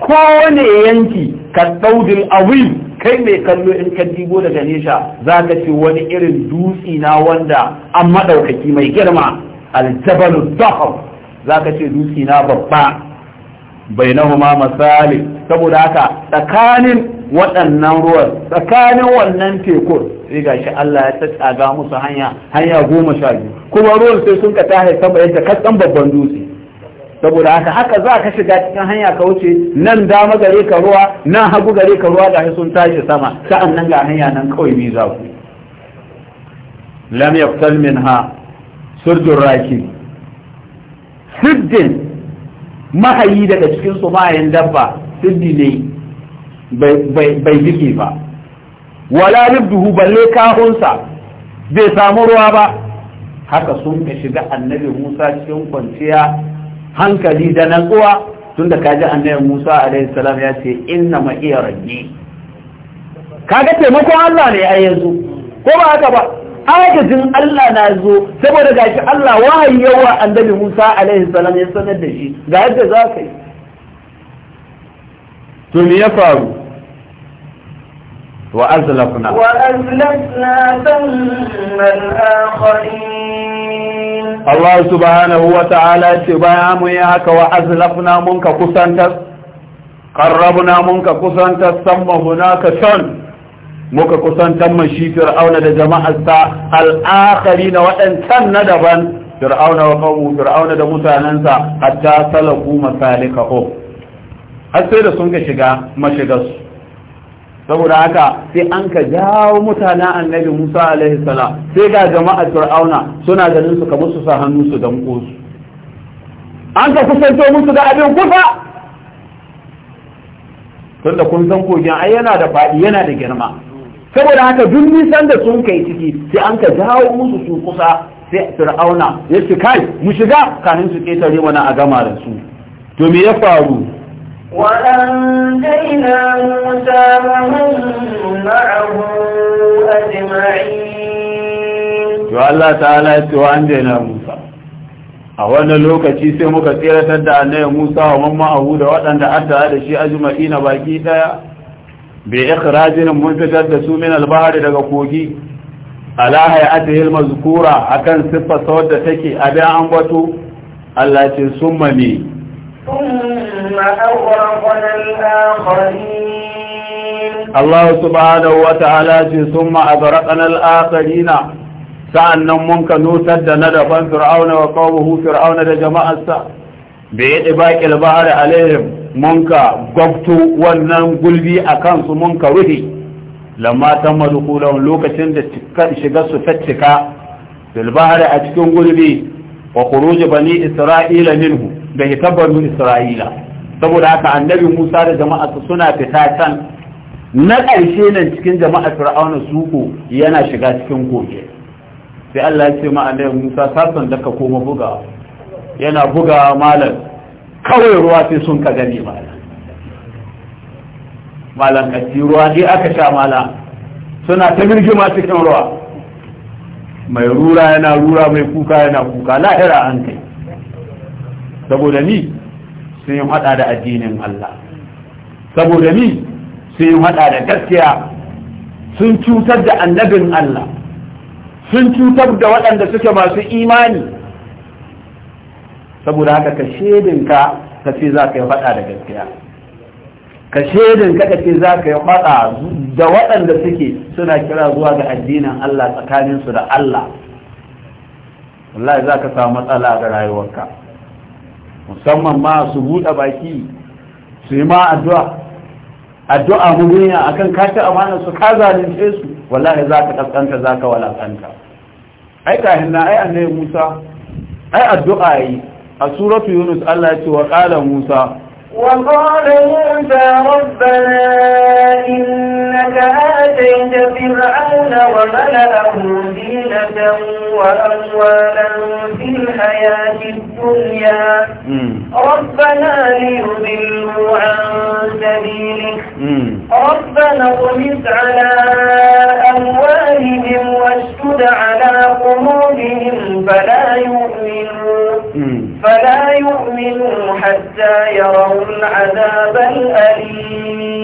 kowane yanki ka daudil awil kai mai kallo in ka dibo daga nesha za ka ce wani irin dutsi na wanda an madaukaki mai girma aljabalu zahab za ka ce dutsi na babba bainahuma masali saboda haka tsakanin waɗannan ruwan tsakanin wannan tekun sai ga shi Allah ya tsaga musu hanya hanya goma sha biyu kuma ruwan sai sun ka tahe sama yadda katsan babban dutse saboda haka haka za ka shiga cikin hanya ka wuce nan dama gare ka ruwa nan hagu gare ka ruwa gashi sun tashi sama sa'an nan ga hanya nan kawai bi za ku lam min minha surdun raki siddin mahayi daga cikin su mahayin dabba siddi ne bai jiki ba wala libduhu balle kahunsa bai samu ruwa ba haka sun ka shiga annabi musa cikin kwanciya hankali da natsuwa tunda kaji annabi musa alaihi salam ya ce inna ma iya rabbi kaga taimakon Allah ne a yanzu ko ba haka ba agajin Allah na zo saboda gashi Allah wahayi yawa annabi Musa alaihi salam ya sanar da shi ga yadda za ka yi to me ya faru وأزلفنا وأزلفنا ثم الآخرين الله سبحانه وتعالى سبحانه مياك وأزلفنا منك كسنتس قربنا منك كسنتس ثم هناك شن muka kusantar mashi fir'auna da jama'arsa al'akari na waɗancan na daban fir'auna wa kawo fir'auna da mutanensa hatta salaku masalika ho har sai da sun ka shiga mashigarsu saboda haka sai an ka jawo mutana annabi Musa alaihi sala sai ga jama'ar Fir'auna suna ganin su kamar su sa hannu su dan su an ka kusanto musu da abin kusa da kun san kogin ai yana da faɗi yana da girma saboda haka duk nisan da sun kai ciki sai an ka jawo musu su kusa sai Fir'auna ya ce kai mu shiga kanin su ketare mana a gama da su to me ya faru وأنجينا موسى ومن معه أجمعين to Allah ta'ala ya ce wa Musa a wannan lokaci sai muka tseratar da annabi Musa wa mamma Abu waɗanda an da shi ajma'ina baki ɗaya. bai ikhrajin mun fitar da su min al daga kogi ala hay'atihi al a kan siffa sawadda take abin an Allah ce summa ne ثم أغرقنا الآخرين الله سبحانه وتعالى ثم أغرقنا Sa'an nan mun ka nutar da na daban fir'auna wa qawmuhu fir'auna da jama'arsa bi idbaqil bahr alaihim mun ka gwabtu wannan gulbi a kansu mun ka ruhi lamma tamma dukulun lokacin da cikar shiga su ta cika bil a cikin gulbi wa khuruj bani isra'ila minhu ga hitabaru isra'ila saboda haka annabi musa da jama'a suna fita can na ƙarshe nan cikin jama'a fir'auna suko yana shiga cikin goge sai allah ya ce ma annabi musa sasan da ka koma buga yana buga malam kawai ruwa sai sun ka gani malam malam kaci ruwa dai aka sha malam suna ta birgima cikin ruwa mai rura yana rura mai kuka yana kuka lahira an kai saboda ni sun yi hada da addinin Allah saboda ni sun yi hada da gaskiya sun cutar da annabin Allah sun cutar da waɗanda suke masu imani saboda haka ka shedinka ka ce za ka yi faɗa da gaskiya ka shedinka ka ce za ka yi faɗa da waɗanda suke suna kira zuwa ga addinin Allah tsakaninsu da Allah wallahi za ka samu matsala ga rayuwarka musamman ma su buɗe baki su yi ma addu'a addu'a mugunya akan kashi amanar su ka zalunce su wallahi za ka kaskanta za ka walakanta ai kahin na ai annabi musa ai addu'a yi a suratu yunus allah ya ce wa ƙala musa وقال موسى ربنا إنك آتيت فرعون وملأه زينة وأموالا في الحياة الدنيا ربنا ليضلوا عن سبيلك ربنا اطمس على أموالهم واشتد على قلوبهم فلا يؤمنون فلا يؤمنوا حتى يروا العذاب الأليم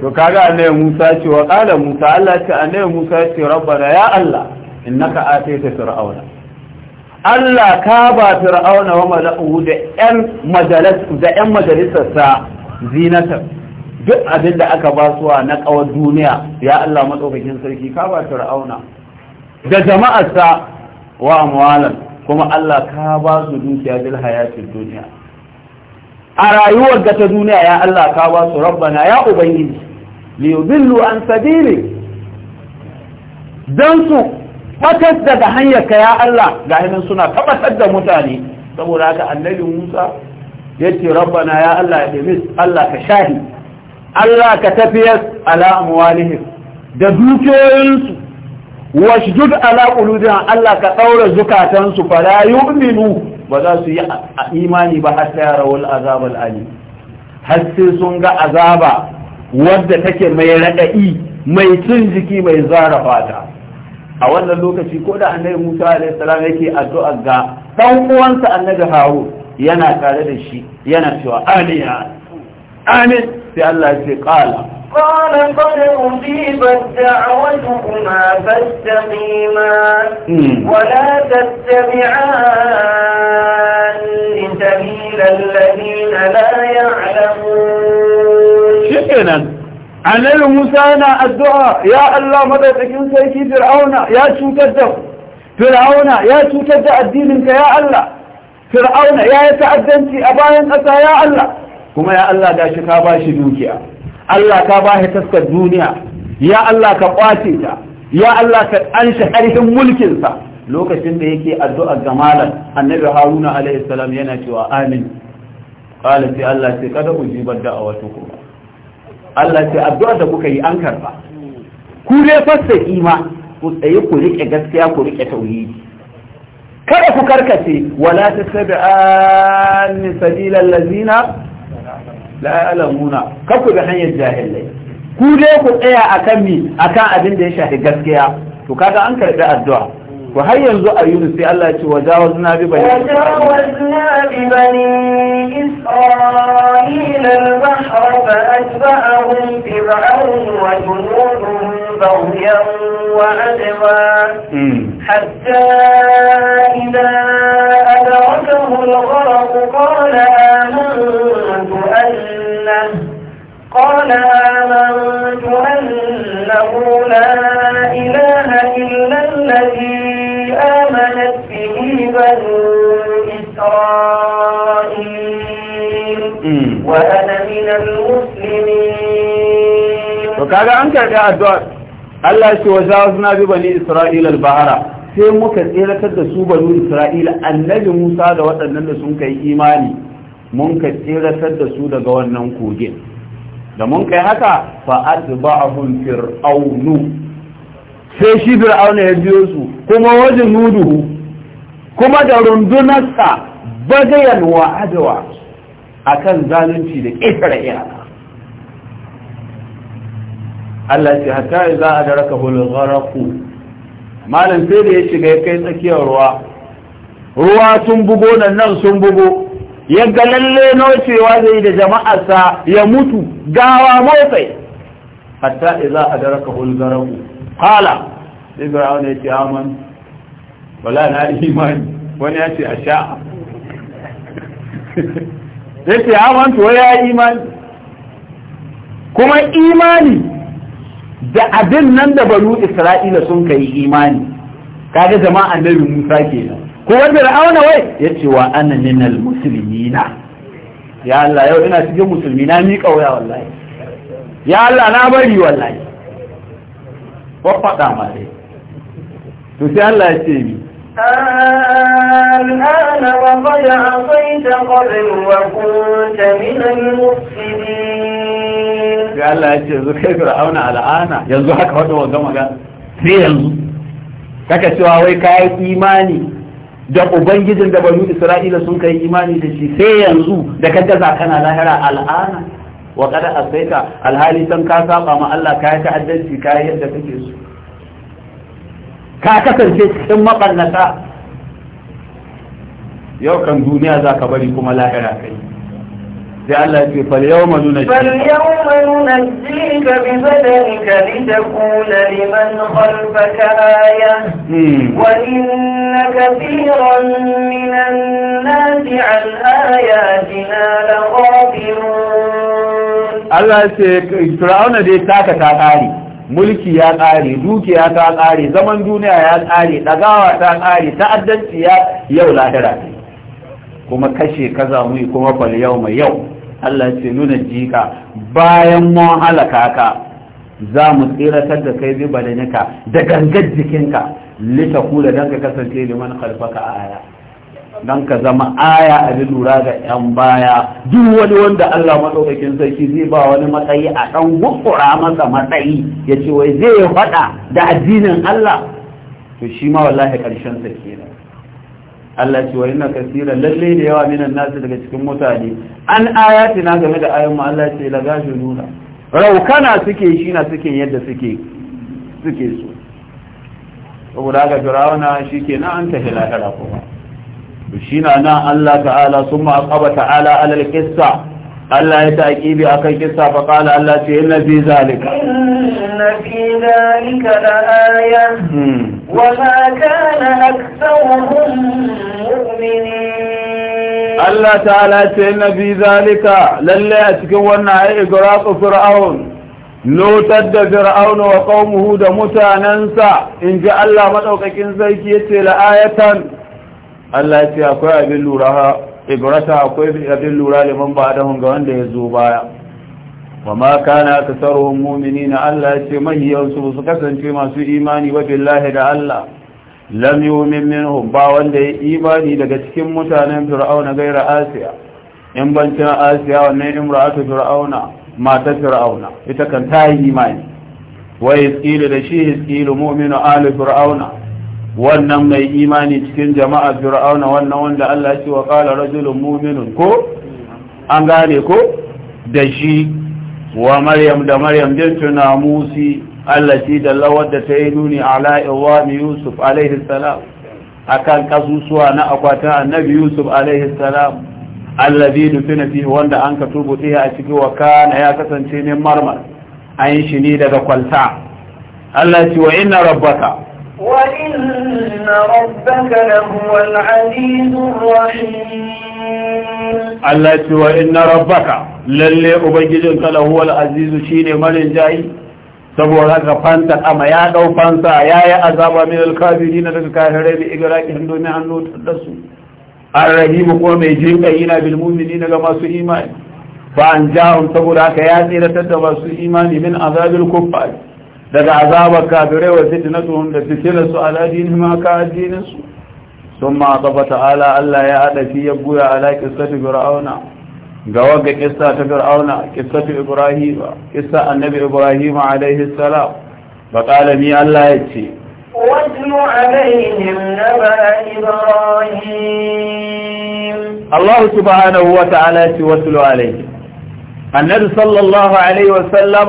to kaga annabi Musa ce wa kala Musa Allah ce annabi Musa ce rabbana ya Allah innaka ataita fir'auna Allah ka ba fir'auna wa mala'u da ƴan majalis da ƴan zinata duk abin da aka ba suwa na ƙawar duniya ya Allah madaukakin sarki ka ba fir'auna da jama'arsa wa amwalan kuma Allah ka ba su dukiya bil hayatin duniya a rayuwar ga ta duniya ya Allah ka ba su rabbana ya ubangiji li yudillu an sabili dan su batas daga hanyar ka ya Allah ga hinan suna tabbatar da mutane saboda haka annabi Musa yace rabbana ya Allah ya dimis Allah ka shahi Allah ka tafiyar ala amwalihim da dukiyoyinsu washjud ala qulubihim Allah ka daura zukatan su fala yu'minu ba za su yi imani ba har hatta yarawul azab al alim har sai sun ga azaba wadda take mai raɗaɗi mai cin jiki mai zarafata. a wannan lokaci ko da annabi Musa alayhi salam yake addu'a ga dan uwansa annabi Harun yana tare da shi yana cewa amin amin sai Allah ya ce qala قال قد أجيبت دعوتكما فاستقيما ولا تتبعان سبيل الذين لا يعلمون شكرا عن أنا الدعاء يا الله ماذا تكون سيكي فرعون يا شوكدة فرعون يا الدين انت يا الله فرعون يا يتعدى انت أبا ينقصها يا الله كما يا الله داشتها باشدوكي يا الله Allah ka ba shi taskar duniya ya Allah ka kwace ta ya Allah ka an shi mulkinsa lokacin da yake addu'a ga malam annabi haruna alaihi salam yana cewa amin qala sai Allah sai kada ku jibar da'awatukum Allah sai addu'a da kuka yi an karba ku dai fassaki ma ku tsaye ku rike gaskiya ku rike tauhidi kada ku karkace wala tattabi'an sabila ladzina la alamuna kan ku ga hanyar jahilai ku dai ku tsaya akan mi akan abin da ya shafi gaskiya to kaga an karbi addu'a to har yanzu a Yunus sai Allah ya ce wajawazna bi bani wajawazna bi bani isra'ila al-bahra fa atba'ahum fir'aun wa junuduhum baghyan wa adwa hatta idha adrakahu al-gharq qala amantu قال آمنت أنه لا إله إلا الذي آمنت به بنو إسرائيل وأنا من المسلمين وكذا أنت يا أدوار Allah ce wa jawazna bi bani Isra'ila al-bahara sai muka tseratar da su bani Isra'ila annabi Musa da waɗannan da sun kai imani mun ka tseratar da su daga wannan kogin da mun kai haka fa atba'ahum fir'aunu sai shi fir'auna ya biyo su kuma wajen nuduhu kuma da rundunarsa bagayan wa adawa akan zalunci da ƙetare iyaka Allah ce hatta za a daraka hulgharaku malam sai da ya shiga ya kai tsakiyar ruwa ruwa sun bugo nan nan sun bugo ya ga lalle nocewa zai da jama'arsa ya mutu gawa motsai hatta idza adraka hulgarahu qala sai fir'auna ya ce aman wala na imani wani ya ce asha [laughs] ya ce aman to ya imani kuma imani da abin nan da balu isra'ila sun kai imani kaga jama'an nabi musa kenan kuwar fir'auna wai ce wa ana minal ya Allah yau ina cikin musulmina na kauya wallahi ya Allah na bari wallahi faɗa ma dai to sai Allah ya ce mi الآن وقد عصيت قبل وكنت من المفسدين قال الله يجزو كيف رأونا الآن ينزو حق هدو وقام قال في ينزو kaka cewa wai kayan imani da ubangijin da banu isra'ila sun kai imani da shi sai yanzu da ka gaza kana lahira al'ana wa kada asaita alhali san ka saba ma Allah ka yi ta'addanci ka yi yadda kake so ka kasance cikin mabannata yau kan duniya za ka bari kuma lahira kai sai Allah nuna shi falyau ma ka bi da kuna liman kwalfa ka aya hmm. wa inna ka nasi an aya jina da Allah ya ce fir'auna dai taka ta kare mulki ya kare dukiya ta kare zaman duniya ya kare dagawa ta kare ta'addanci ya yau lahira kuma kashe ka zamu yi kuma fal yau mai yau Allah ce nuna jika bayan mun halaka ka za mu tsiratar da kai bi nika da gangar jikinka lita kula don ka kasance liman kalfaka aya don ka zama aya a bi lura ga 'yan baya duk wani wanda Allah maɗaukakin sarki zai ba wani matsayi a ɗan gukura masa matsayi ya ce wai zai faɗa da addinin Allah to shi ma wallahi ƙarshen sarki ne Allah ce wa inna kasira lalle da yawa minan nasu daga cikin mutane an ayati na game da ayoyin mu Allah ce la gashu nuna raukana suke shi na suke yadda suke suke so saboda haka firawuna shike na an tafi lahira kuma shi na nan Allah ta'ala summa aqaba ta'ala alal qissa الله يتأكيد أخي كسا قال الله في إن في ذلك إن في ذلك لآية وما كان أكثرهم مؤمنين الله تعالى في إن في ذلك للي أتكونا إقراق فرعون لوتد فرعون وقومه دمتا ننسى إن جاء الله مدعوك إن زيكي يتي لآية الله يتأكيد أخي كسا فقال الله في إن في ذلك ibrata akwai abin lura liman ba da ga wanda ya zo baya wa ma kana kasaruhum mu'minina Allah yace ce mahiyansu su kasance masu imani wa billahi da Allah lam yu'min minhum ba wanda ya imani daga cikin mutanen fir'auna gaira asiya in bancin asiya wannan imratu fir'auna matar fir'auna ita kan ta yi imani wa yasqilu da shi yasqilu mu'minu ali fir'auna wannan mai imani cikin jama'a fir'auna wannan wanda Allah ya ce wa qala rajulun mu'minun ko an gane ko da shi wa maryam da maryam na musi allati dallawat da ta yi nuni ala iwami yusuf alaihi salam akan kasusuwa na akwata annabi yusuf alaihi salam allazi dufina fihi wanda an ka tubuti a cikin wa kana ya kasance ne marmar an shi ne daga kwalta Allah ce wa inna rabbaka وإن ربك لهو العزيز الرحيم الله وإن ربك للي أبجدك لهو العزيز شين من جاي saboda ka fanta amma ya dau fansa ya yi azaba min alkafiri na daga kafirai da igiraki hannu ne hannu da su an rahimu kuma mai jinka yana bil mu'mini ga masu imani fa an saboda ka ya tsira da masu imani min azabil kuffar daga azabar kafirai wa fitnatuhum da fitilar su ala dinihim addinin su thumma qaba ta'ala Allah ya hada fi ya buya ala qissati fir'auna ga waga ta fir'auna qissatu ibrahim qissa annabi ibrahim alaihi salam fa qala ni Allah yace واتل عليهم نبأ إبراهيم الله سبحانه وتعالى wasu عليهم النبي صلى الله عليه وسلم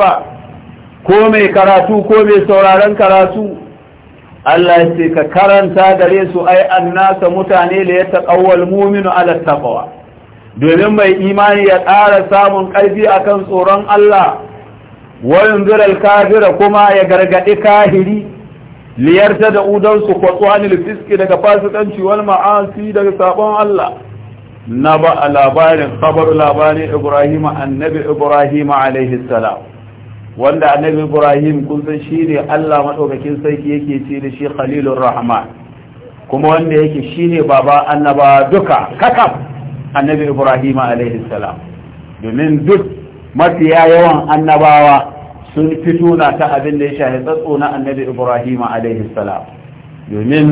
ko mai karatu ko mai sauraron karatu Allah ce ka karanta gare su ai annasa mutane da ya taƙawwal muminu ala taqwa domin mai imani ya ƙara samun ƙarfi akan tsoron Allah wa yunziral kafira kuma ya gargadi kahiri liyarta da udan su fiski daga fasikanci wal ma'asi daga sabon Allah na ba labarin khabar labarin Ibrahim annabi Ibrahim alaihi salam wanda annabi ibrahim kun san shi ne allah maɗaukakin sarki yake ci da shi khalilun rahman kuma wanda yake shi ne baba annaba duka kakam annabi ibrahim alaihi salam domin duk mafiya yawan annabawa sun fito na ta abin da ya shahi tsatso na annabi ibrahim alaihi salam domin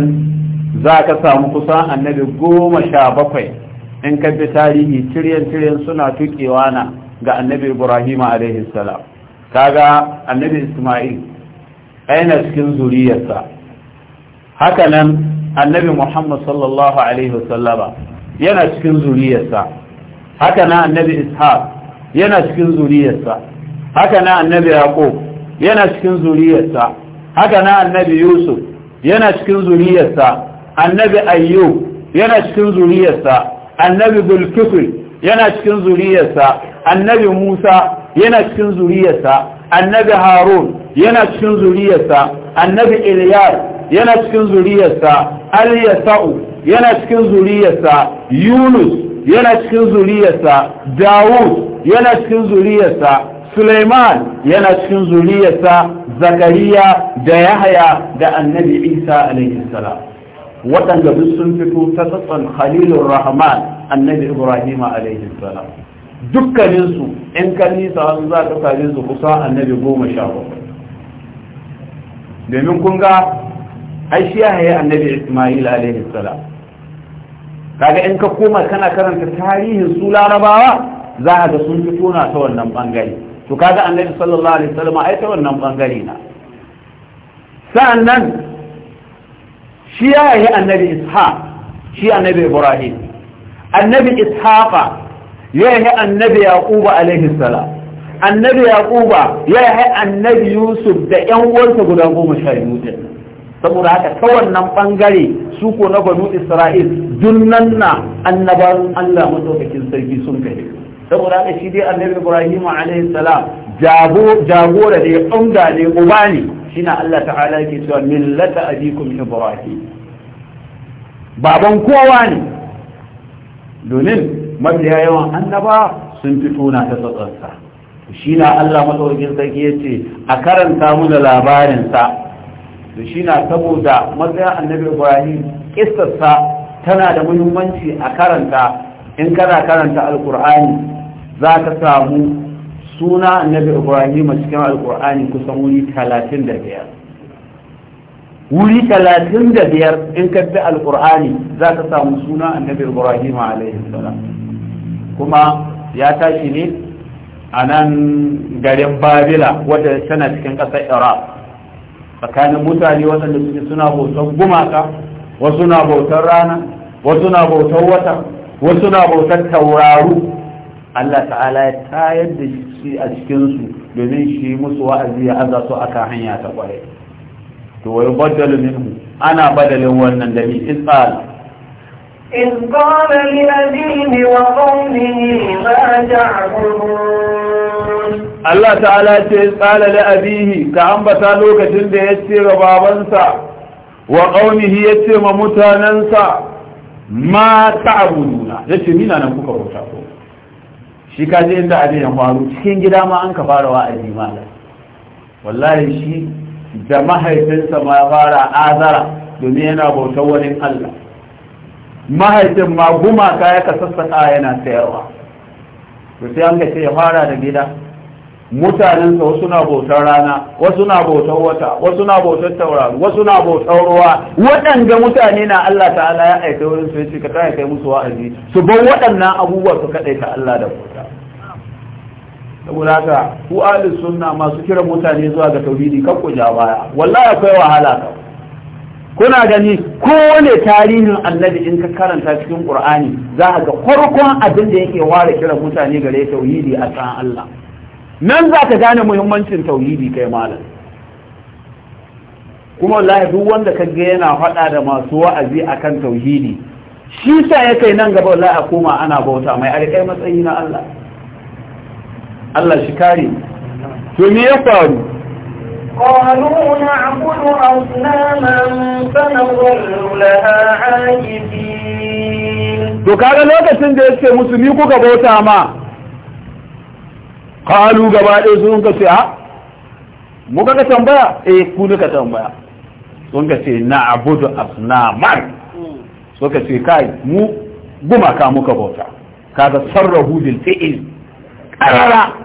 za ka samu kusan annabi goma sha bakwai in ka bi tarihi ciryen ciryen suna tukewa na ga annabi ibrahim alaihi salam kaga annabi Ismail aina cikin zuriyarsa haka nan annabi Muhammad sallallahu alaihi wasallama yana cikin zuriyarsa haka nan annabi Ishaq yana cikin zuriyarsa haka nan annabi Yaqub yana cikin zuriyarsa haka nan annabi Yusuf yana cikin zuriyarsa annabi Ayyub yana cikin zuriyarsa annabi Zulkifl yana cikin zuriyarsa annabi Musa yana cikin zuriyarsa annabi harun yana cikin zuriyarsa annabi iliyar yana cikin zuriyarsa al-yasa'u yana cikin zuriyarsa yunus yana cikin zuriyarsa dawud yana cikin zuriyarsa suleiman yana cikin zuriyarsa zakariya da yahaya da annabi isa alaihi waɗanda duk sun fito ta tsatson khalilur rahman annabi ibrahim alaihi dukkaninsu in kan nisa wasu za ka same su kusa annabi goma sha bakwai domin kun ga ai shi ya annabi ismail alaihi salam kaga in ka koma kana karanta tarihin su larabawa za ka ga sun fi na ta wannan bangare to kaga annabi sallallahu alaihi wasallam ai ta wannan bangare na sa'annan shi ya annabi Isha, shi annabi ibrahim annabi ishaqa yayi annabi yaquba alaihi salam annabi yaquba yayi annabi yusuf da yan uwansa guda goma sha biyu saboda haka ta wannan bangare su ko na banu isra'il dunnan na annaban Allah madaukakin sarki sun kai saboda haka shi dai annabi ibrahim alaihi salam jago da ne unga ne uba ne shine Allah ta'ala yake cewa millata abikum ibrahim baban kowa ne domin mafiya yawan annaba sun fi na ta tsatsarsa shi na Allah matsaukin sarki ya ce a karanta mu da labarinsa da shi na saboda matsaya annabi ibrahim kistarsa tana da muhimmanci a karanta in kana karanta alkur'ani za ka samu suna annabi ibrahim a cikin alkur'ani kusan wuri talatin da biyar wuri talatin da biyar in ka bi alkur'ani za ka samu suna annabi ibrahim alaihi salam kuma ya tashi ne a nan garin babila wadda tana cikin ƙasar iraq tsakanin mutane waɗanda suke suna bautar gumaka wasu na bautar rana wasu na bautar wata wasu na bautar tauraru Allah ta'ala ya tayar da shi a cikinsu domin shi musu wa'azi ya aza su akan hanya ta kwarai to wai badalu ana badalin wannan da ni إذ قال لأبيه وقومه ما ta ambata lokacin da ya ce ga babansa wa ƙaunihi ya ce ma ma ya ce nina nan kuka bauta ko shi ka je inda abin ya faru cikin gida ma an ka fara wa'azi mala wallahi shi da mahaifinsa ma fara azara domin yana bautar wani Allah mahaifin ma gumaka ya ka sassaƙa yana sayarwa to sai an ce ya fara da gida mutanensa wasu na bautar rana wasu na bautar wata wasu na bautar taura wasu na bautar ruwa waɗanda mutane na Allah ta'ala ya aika wurin su yace ka ta kai musu wa'azi su bar waɗannan abubuwa su kaɗai ta Allah da bauta saboda haka ku sunna masu kira mutane zuwa ga tauhidi kan ku ja baya wallahi akwai wahala kan kuna gani kowane tarihin annabi in ka karanta cikin qur'ani za ka ga farkon abin da yake ware kiran mutane gare tauhidi a tsan Allah nan za ka gane muhimmancin tauhidi kai malam kuma wallahi duk wanda ka ga yana faɗa da masu wa'azi akan tauhidi shi sa ya kai nan gaba wallahi a koma ana bauta mai alƙai matsayi na Allah Allah shi kare to me ya faru قالوا نعبد أصناما فنظل لها عاكفين وكان لوكة جيسة مسلمين كبوتا ما قالوا قبائل سنك سعى muka ka tambaya eh ku ne ka tambaya sun ka ce na abudu asnaman suka ce kai mu gumaka muka bauta kaga sarrahu bil fi'il qarara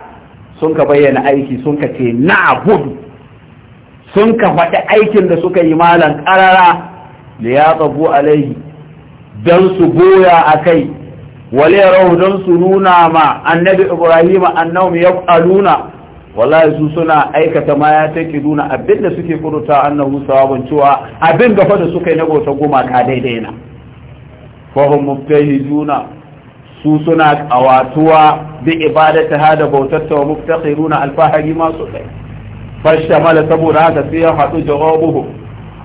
sun ka bayyana aiki sun ka ce sun ka faɗi aikin da suka yi malan ƙarara da ya tsafu alaihi don su goya a kai wale rahu don su nuna ma annabi ibrahim annahum aluna wallahi su suna aikata ma ya take duna abin da suke kuruta annahu sawabun cewa abin gafa da suka yi na bauta gumaka daidai na fahim mubtahijuna su suna kawatuwa bi ibadata hada bautar ta wa mubtakhiruna alfahari ma su fashtamala saboda haka sai ya haɗu jawabuhu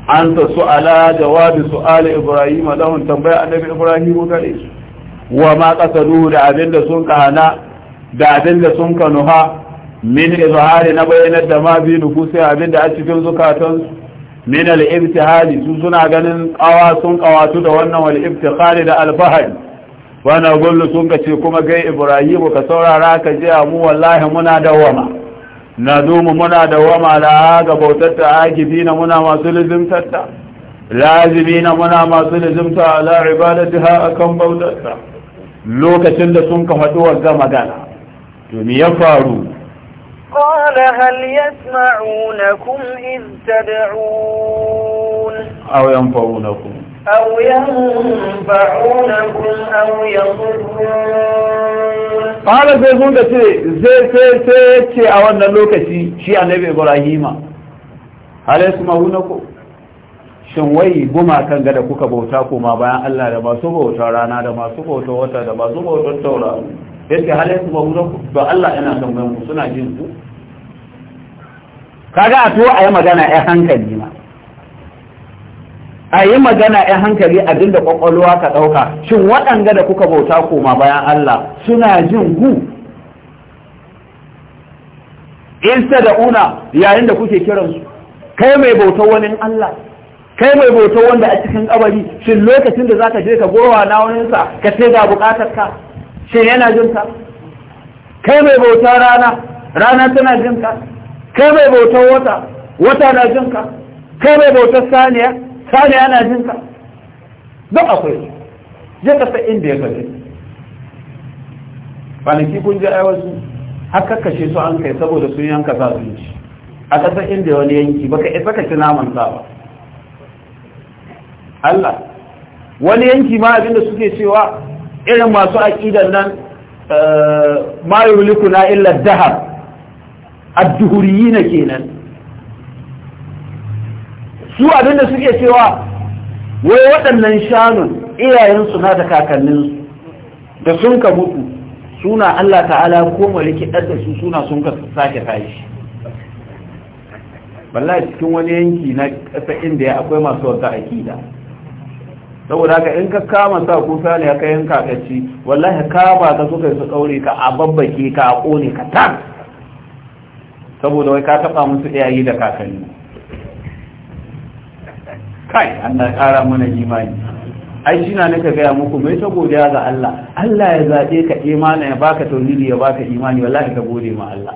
an ta su'ala jawabi su'ali ibrahim lahun tambaya annabi ibrahim gare su wa ma qasaduhu da abinda sun kana da abinda sun kanuha min izhari na bayanar da ma bi nufusi abinda a cikin zukatan min al-ibtihali su suna ganin qawa sun qawatu da wannan wal ibtikhari da al-fahari wa na gullu sun kace kuma gai ibrahim ka saurara ka je mu wallahi muna dawama na zumu muna da wama la ga bautar ta agibi na muna masu lizimtar ta lazimi na muna masu lizimta ala ibadatiha akan bautar ta lokacin da sun ka faɗi ga magana to me ya faru قال هل يسمعونكم إذ تدعون أو ينفعونكم أو ينفعونكم أو يضرون قال سيكون تي زي تي تي سي أولنا لوكتي شيء النبي إبراهيم هل يسمعونكم shin wai gumakan ga da kuka bauta ko ma bayan Allah da masu bauta rana da masu bauta wata da masu bautar taura yake halayen su ba ku ba Allah yana tambayan ku suna jin ku kaga a to a yi magana ya hankali a yi magana ya hankali a dinda kwakwalwa ka ɗauka shin waɗanga da kuka bauta koma bayan Allah suna jin ku insta da una yayin da kuke kiransu kai mai bautar wani Allah kai mai bautar wanda a cikin kabari shin lokacin da zaka je ka gowa na waninsa ka ce ga bukatar ka shin yana jin ka kai mai bautar rana rana tana jin ka kai mai bautar wata wata na jin ka kai mai bautar saniya kare yana jinsa don duk akwai je ka san inda ya kaje kwanaki kun je ai haka kashe su an kai saboda sun yanka sa su ci a kasar inda wani yanki baka isa ka ci naman sa ba Allah wani yanki ma abinda suke cewa irin masu aƙidan nan eh, ma yulikuna illa dahar ad na kenan su abin da suke cewa wai waɗannan shanun iyayensu na da kakanninsu da sun ka mutu suna Allah ta'ala ko maliki da su suna sun ka sake tashi wallahi cikin wani yanki na ƙasa inda ya akwai masu wata akida saboda haka in ka kama sa kusa ne ka yanka ka ci wallahi ka ba ka kai su ka a babbake ka a ƙone ka tan saboda wai ka taɓa musu iyayi da kakanni kai an Allah ƙara mana imani ai shi na naka gaya muku mai ta godiya ga Allah Allah ya zabe ka imani ya baka tauhidi ya baka imani wallahi ka gode ma Allah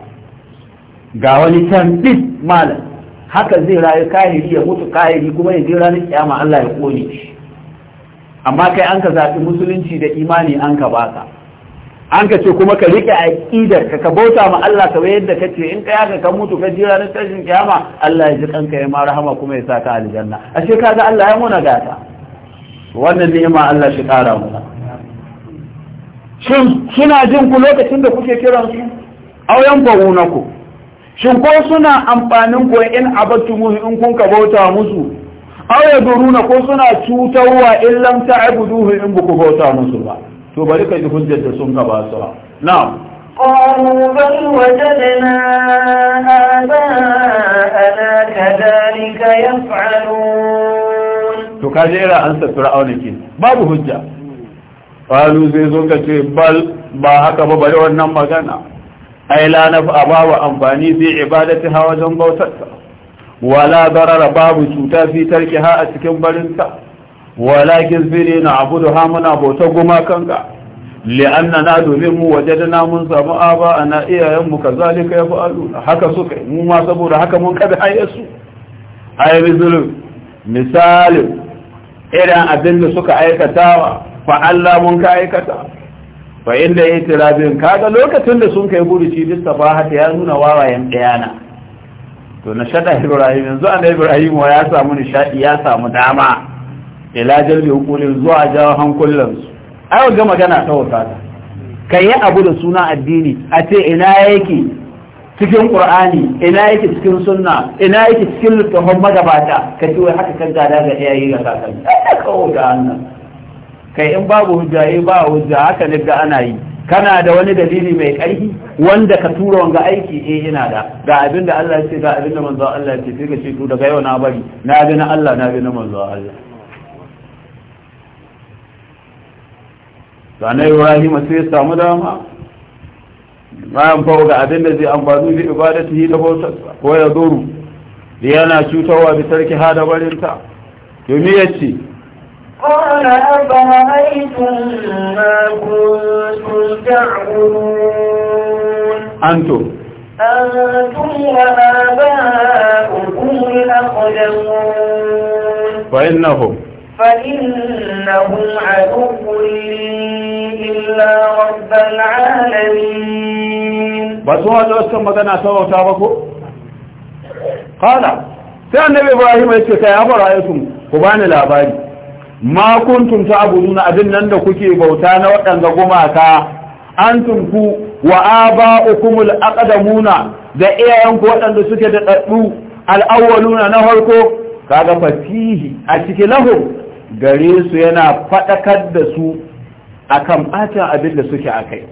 ga wani can din malam haka zai rayu kahiri ya mutu kahiri kuma ya je ranar kiyama Allah ya kone shi amma kai an ka zabi musulunci da imani an ka baka an ka ce kuma ka rike aqidar ka ka bauta ma Allah ka yadda ka ce in kaya ka ka mutu ka jira na tashin kiyama Allah ya ji kanka ya ma rahama kuma ya sa ka aljanna ashe kaga Allah ya muna gata wannan ni'ima Allah shi kara muna shin suna jin ku lokacin da kuke kiran su auyan ku shin ko suna amfanin ko in mu in kun ka bauta musu aw yaduruna ko suna cutarwa in lam ta'buduhu in buku bauta musu ba to bari ka yi hujjar da sun gaba su na'am قالوا بل وجدنا آباءنا كذلك يفعلون to kaje jera an fir'auna babu hujja qalu zai zo ka ce ba haka ba bari wannan magana ai la nafa babu amfani ibada ibadati hawa wajen bautarsa wala darara babu cuta fi tarkiha a cikin barinta walakin fili na abudu ha muna bautar li'anna na domin mu waje da namun samu aba ka iyayen mu kazalika yaf'alu haka suka mu ma saboda haka mun kada ayasu ay bizul misali irin abin da suka aikatawa fa Allah mun ka aikata fa inda tirabin kaga lokacin da sun kai buruci duk sabahata ya nuna wawayen ɗayana to na shaɗa Ibrahim yanzu annabi Ibrahim ya samu nishaɗi, ya samu dama ila jalbi hukulin zuwa jawo hankulan su ai ga magana ta wasa ka yi abu da suna addini a ce ina yake cikin qur'ani ina yake cikin sunna ina yake cikin littafin magabata ka ce wai haka kan gada ga iyaye ga kakanni ai ka wuta annan kai in babu hujja eh, ba hujja haka ne ga ana yi kana da wani dalili mai ƙarfi wanda ka tura wanga aiki eh ina da ga abinda Allah ya ce ga abinda manzo Allah ya ce sai ka ce to daga yau na bari na bi na Allah na bi na manzo Allah sannan ibrahim sai ya samu dama bayan fawo ga abin da zai amfani da ibadatihi da bautarsa ko ya zuru da yana cutarwa da sarki hada barinta domin ya ce قال أفرأيتم ما كنتم تعبدون أنتم أنتم وآباؤكم الأقدمون فإنه عدو لي إلا رب wasu بسوا جوستم مدنا ba ko? قال sai annabi Ibrahim ya ce kai abara'aykum ku bani labari ma abu nuna abin nan da kuke bauta na waɗanda gumaka tun ku wa a aba'ukumul aqdamuna da iyayenku waɗanda suke da daddu al na harko, kaga fasihi a cikin lahum gare su yana faɗakar da su akan ɓacin abin da suke a kai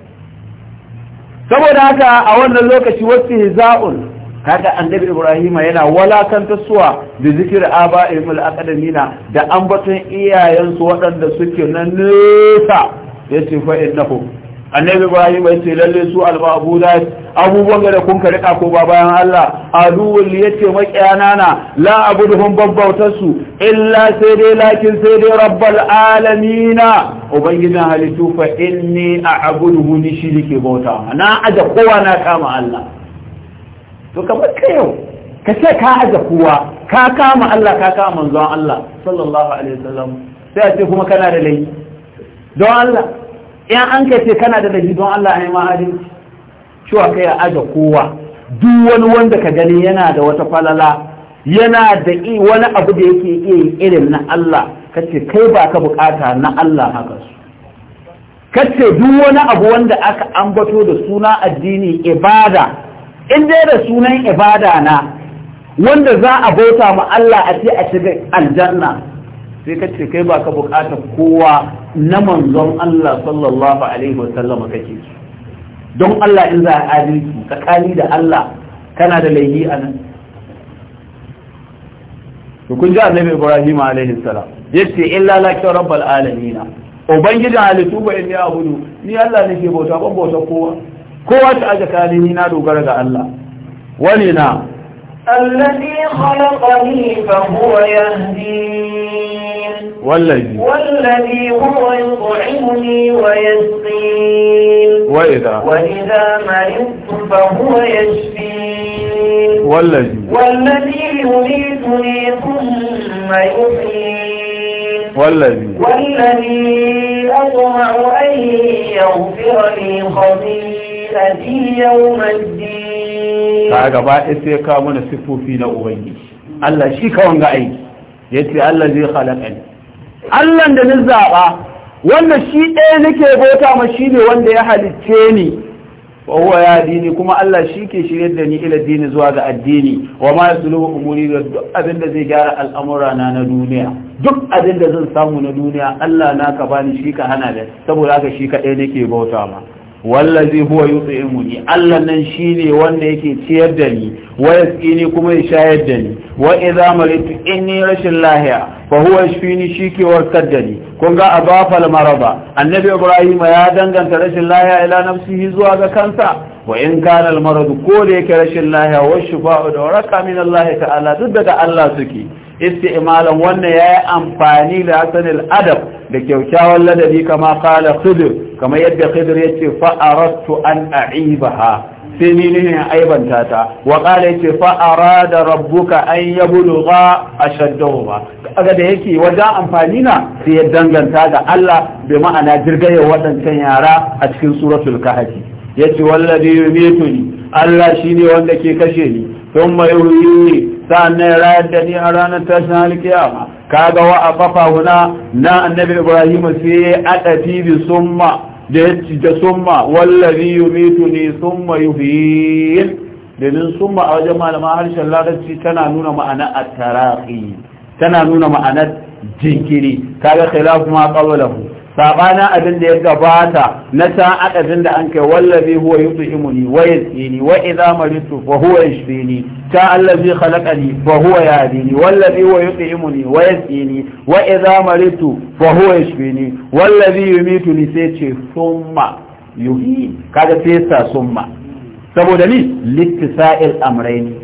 saboda haka a wannan lokaci wasu hiza'un kaga annabi ibrahima yana walakanta suwa da zikir aba ilmul akadamina da ambaton iyayensu waɗanda suke na nesa ya ce fa'in annabi ibrahim ce lalle su al-ma'budat abubuwan da kun ka rika ko bayan Allah aduwul yace makiyana na la abuduhum babbautasu illa sai dai lakin sai dai rabbul alamin ubangijin halittu fa inni a'buduhu ni shi ke bauta na aja kowa na kama Allah to kamar kayo yau ka ce ka aja kowa ka kama Allah ka kama manzon Allah sallallahu alaihi wasallam sai a ce kuma kana da laifi don Allah in an ka ce kana da dahi don Allah ai yi cewa kai a kowa duk wani wanda ka gani yana da wata falala yana da wani abu da yake iya yi irin na Allah Ka ce kai ba ka bukata na Allah haka su kace duk wani abu wanda aka ambato da suna addini ibada in dai da sunan ibada na wanda za a bauta ma Allah a ce a shiga aljanna sai ka ce kai baka bukatar kowa na manzon Allah sallallahu alaihi wa wasallam kake don Allah in za a adalci tsakani da Allah kana da laifi a nan to kun ji annabi Ibrahim alaihi salam yace illa laki rabbal alamin ubangijin halittu ba in ya hudu ni Allah nake bauta ban bauta kowa kowa ta aje ni na dogara ga Allah wani na الذي خلقني فهو يهدين والذي والذي هو يطعمني ويسقين وإذا وإذا مرضت فهو يشفين والذي والذي يميتني ثم يحيين والذي والذي أطمع أن يغفر لي خطيئتي يوم الدين تعالى بقى إسيكا من السفوفين أغيش الله شيكا وانقعيش يتلي الله زي خلقني Allah da ni zaɓa wannan shi ɗaya nake bauta ma shi ne wanda ya halicce ni wa huwa ya dini kuma Allah shi ke shirye da ni ila dini zuwa ga addini wa ma yasluhu umuri da duk abin da zai gyara al'amura na na duniya duk abin da zan samu na duniya Allah na ka bani shi ka hana da saboda haka shi ka ɗaya nake bauta ma wallazi huwa yut'imuni Allah nan shine wanda yake ciyar da ni wa yasqini kuma ya shayar da ni wa idza maritu inni rashin lahiya fa huwa yashfini shike warkar da ni kun ga abafal maraba annabi ibrahim ya danganta rashin lahiya ila nafsihi zuwa ga kansa wa in kana al marad ko da yake rashin lahiya wa shifa'u da waraka min Allah ta'ala duk daga Allah suke isti'malan wannan yayi amfani da hasanil adab da kyaukyawan ladabi kama kala khidr kama yadda khidr yace ce aradtu an a'ibaha sai ni ne aibanta ta wa qala yace fa arada rabbuka an yablugha ba. kaga da yake wajen amfani na sai ya danganta ga Allah bi ma'ana ya waɗancan yara a cikin suratul kahfi yace wallazi yumituni Allah shine wanda ke kashe ni thumma yuhyini sannan ya rayar da ni a ranar tashin ka kaga wa a kafa huna na annabi ibrahim sai adafi bi summa da yace da summa wallazi yumituni summa yuhyin domin summa a wajen malama harshen larabci tana nuna ma'ana at tana nuna ma'anar jinkiri kaga khilafu ma qawlahu sabana abin da ya gabata na ta adadin da an kai wallazi huwa yut'imuni wa yasqini wa idza maritu fa huwa yashfini ta allazi khalaqani fa huwa yahdini wallazi huwa yut'imuni wa yasqini wa idza maritu fa huwa yashfini wallazi yumituni sai ce summa yuhi kaga sai sa summa saboda ni littisa'il amrayni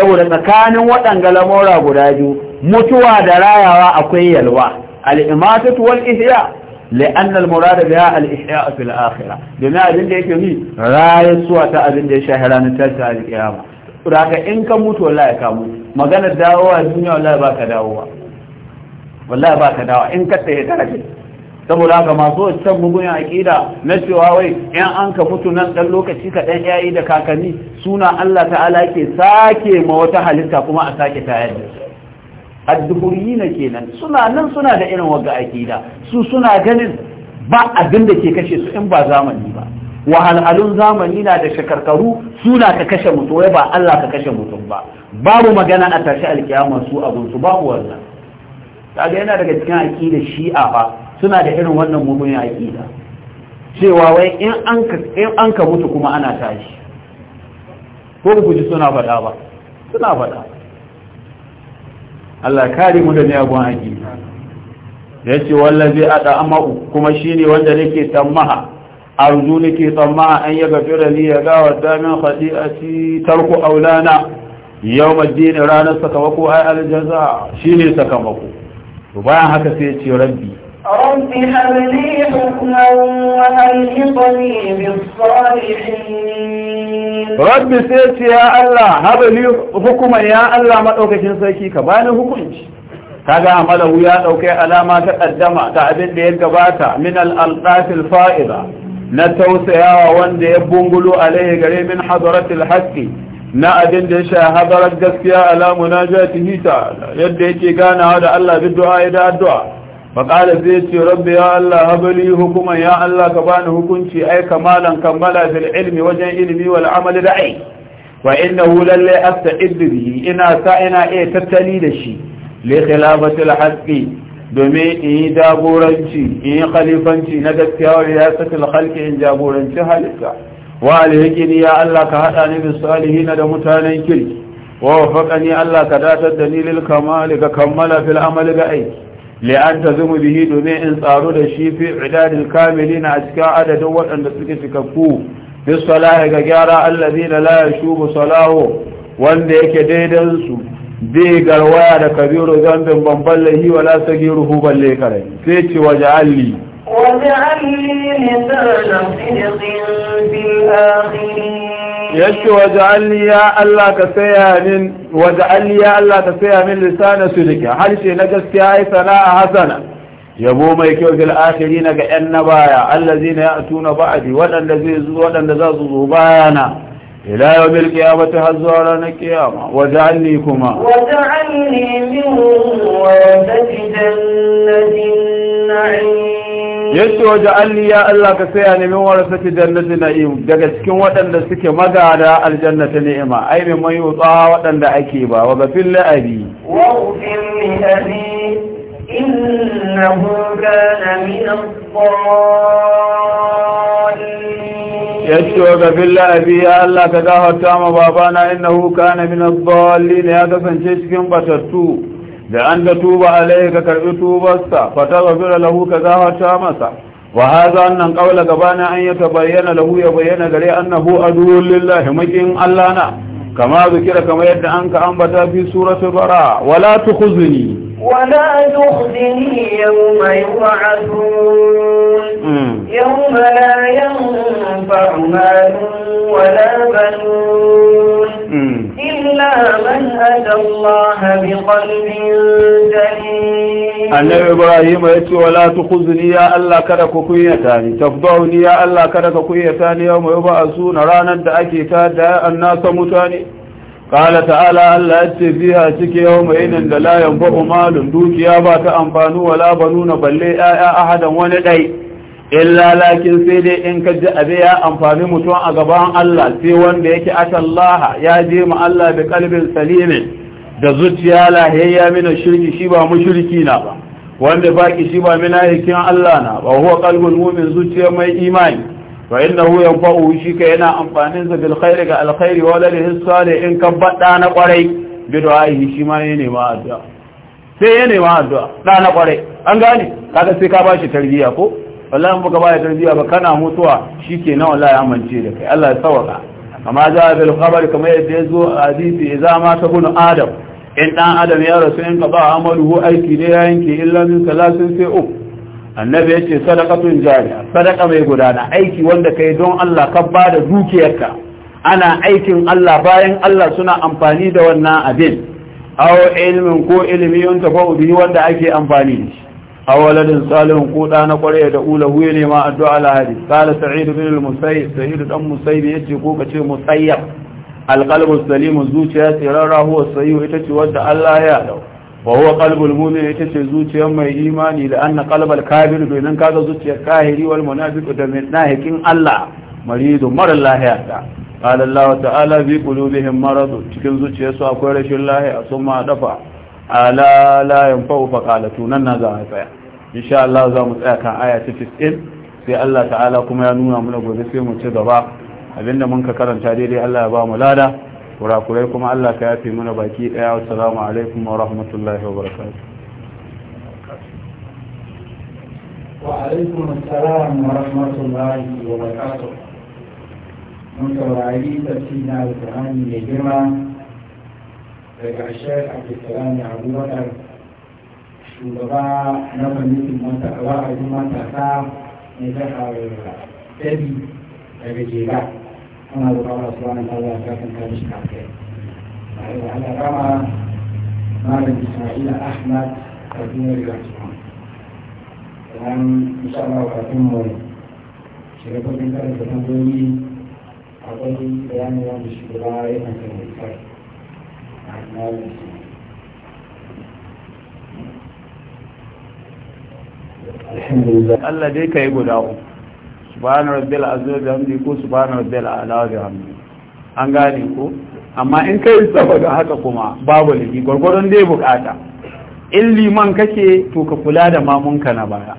saboda tsakanin waɗanga lamura guda biyu mutuwa da rayawa akwai yalwa al-imatatu wal ihya لأن المراد بها الإحياء في الآخرة بما أبن ديك يمي راية سوى تأبن دي شهران تلتا القيامة راك إن كموت ولا ما قال الدعوة الدنيا ولا يباك دعوة ولا يباك دعوة إن كتهي تركي saboda haka masu can mugun aƙida na cewa wai yan an ka fito nan ɗan lokaci ka ɗan yayi da kakanni suna Allah ta'ala ke sake ma wata halitta kuma a sake tayar da ne kenan suna nan suna da irin waga akida su suna ganin ba abin da ke kashe su in ba zamani ba wahalhalun zamani na da shakarkaru suna ka kashe mutum wai ba Allah ka kashe mutum ba babu magana a tashi alkiyama su abun su babu wannan kaga yana daga cikin akida shi'a fa suna da irin wannan mugunin akida cewa wai in an ka in an ka mutu kuma ana tashi ko ku ji suna faɗa ba suna faɗa Allah kare mu da miyagun aiki ya ce wallazi a amau kuma shine wanda nake tsammaha arzu nake tsammaha an ya gafira ni ya gawa damin khati'ati tarku aulana yawm ad-din ranar sakamako ai aljaza shine sakamako to bayan haka sai ya ce rabbi رب هب لي حكما وألحقني بالصالحين رب سيت يا الله هب لي حكما يا الله ما دوكين سيكي كباني حكمي kaga amalahu ya dauke alama ta kaddama ta abin da ya gabata min al fa'ida na tausayawa wanda ya bungulo alaihi gare min hadratil haqqi na abin da ya sha hadarar gaskiya ala munajatihi ta yadda yake ganawa da Allah bi du'a da addu'a faƙala zai ce rabbi ya Allah habali hukuman ya Allah ka bani hukunci ai kamalan kammala fil ilmi wajen ilimi wal amali da ai wa innahu lalle asta'id bihi ina sa ina iya tattali da shi li khilafati haqqi domin in yi jagoranci in yi khalifanci na gaskiya wa riyasatul khalqi in jagoranci halitta wa alhiqini ya Allah ka hada ni bis salihin da mutanen kirki wa ni Allah ka datar da ni lil kamali ka kammala fil amali da aiki li'an ta zumu bihi domin in tsaro da shi fi idadil kamili na cikin adadin waɗanda suke cikakku fi salahi ga gyara allazi na la yashubu salahu wanda yake daidan su bi garwaya da kabiru zambin babban lahi wala sagiruhu balle kare sai ci waje alli وجعل لي لسان صدق في الآخرين yace waj'alni ya Allah ka saya min waj'alni ya Allah ka saya min lisana sidika harshe na gaskiya ai sana'a hasana yabo mai kyau fil akhirin ga yan nabaya allazina ya'tuna ba'di wadanda zai zo wadanda za su zo bayana ila yawmil qiyamati hazwa ranar qiyama waj'alni kuma waj'alni min wa jannati na'im yace waje alli ya Allah ka saya ne min warasati jannati na'im daga cikin waɗanda suke magada aljannati ni'ima ai min man yutsa waɗanda ake ba wa gafil li abi wa ufil li abi innahu kana min ad-dallin yace wa gafil li abi ya Allah ka gafarta ma babana innahu kana min ad-dallin ya kasance cikin batattu da an ga tuba alaihi ka karbi tubarsa fa taghfir lahu ka gafarta masa wa hadha annan qawla gabana an yatabayyana lahu ya bayyana gare annahu aduwwul lillahi makin Allah na kama zikira kama yadda an ka ambata fi suratul bara wala tukhzini ولا تخزني يوم يبعثون يوم لا ينفع مال ولا بنون Annabi Ibrahim ya ce wala tukhzuni ya Allah kada ku kunyata ni tafdauni ya Allah kada ka kunyata ni yau mai ba'asu na ranar da ake ta da annasa mutane qala ta'ala Allah ya ce biha cike yau mai nan da la yanfa'u malun dukiya ba ta amfanu wala banuna balle ya'a ahadan wani dai illa lakin sai dai in ka ji abe ya amfani mutum a gaban Allah sai wanda yake atallaha ya je ma Allah da kalbin salimin da zuciya lahiyayya mina shirki shi ba mushriki na ba wanda baki shi ba mina yakin Allah na ba huwa qalbun mu'min zuciya mai imani fa innahu yanfa'u shi ka yana amfanin sa bil khairi ga khairi wa lalihi salih in ka bada na kwarai bi du'ai shi ma yana ma addu'a sai ya ma addu'a da na kwarai an gane kaga sai ka bashi tarbiya ko wallahi baka baya tarbiya ba kana mutuwa shikenan wallahi ya amince da kai Allah ya sauka amma za a bil khabar kamar yadda ya zo a hadisi zama ma gunu adam in dan adam ya rasu in ka ba ko aiki ne ya yanke illa min salasin sai uku annabi ya ce sadakatun jariya sadaka mai gudana aiki wanda kai don Allah ka ba da dukiyarka ana aikin Allah bayan Allah suna amfani da wannan abin aw ilmin ko ilmi yuntafa bihi wanda ake amfani da shi awaladin salihun kuɗa na kware da ula huye ne ma addu'a lahadi qala Sa'idu bin al-musayyib sa'id dan ya ce ko kace musayyab al-qalbu salim zuciya tsirara huwa sayyu ita ce wanda Allah ya dau wa huwa qalbul mu'min ita ce zuciyar mai imani da anna qalbal kafir bayan kaga zuciyar kahiri wal munafiq da min nahikin Allah maridu mara lahiya ta qala ta'ala bi qulubihim marad cikin zuciyarsu akwai rashin lahiya sun ma dafa ala la yanfa'u faqalatu nan na za a tsaya insha Allah za mu tsaya kan aya ta 15 sai Allah ta'ala kuma ya nuna mana gobe sai mu ci gaba abinda mun ka karanta daidai Allah ya ba mu lada kurakurai kuma Allah ka yafe mana baki daya assalamu alaikum wa rahmatullahi wa barakatuh وعليكم السلام ورحمة wa وبركاته wa barakatuh mun saurari tafsirin alƙur'ani mai girma daga shek abdulsalam ya abubakar shugaba na kwamitin wa'azin matasa na jihar tabi daga jega ana da kawo su wani kawo a kafin kawo shi kafin tare da alakama malam ismaila ahmad kaduna riga cikin sannan insha Allah kafin mu shiga kafin karanta tambayoyi akwai bayanin wanda shugaba ya kan karanta Allah dai ka yi guda uku subhanahu Rabbi azza da hamdi ko subhanahu Rabbi ala da hamdi an gane ko amma in kai saboda haka kuma babu laifi gwargwadon dai bukata in liman kake to ka kula da mamunka na baya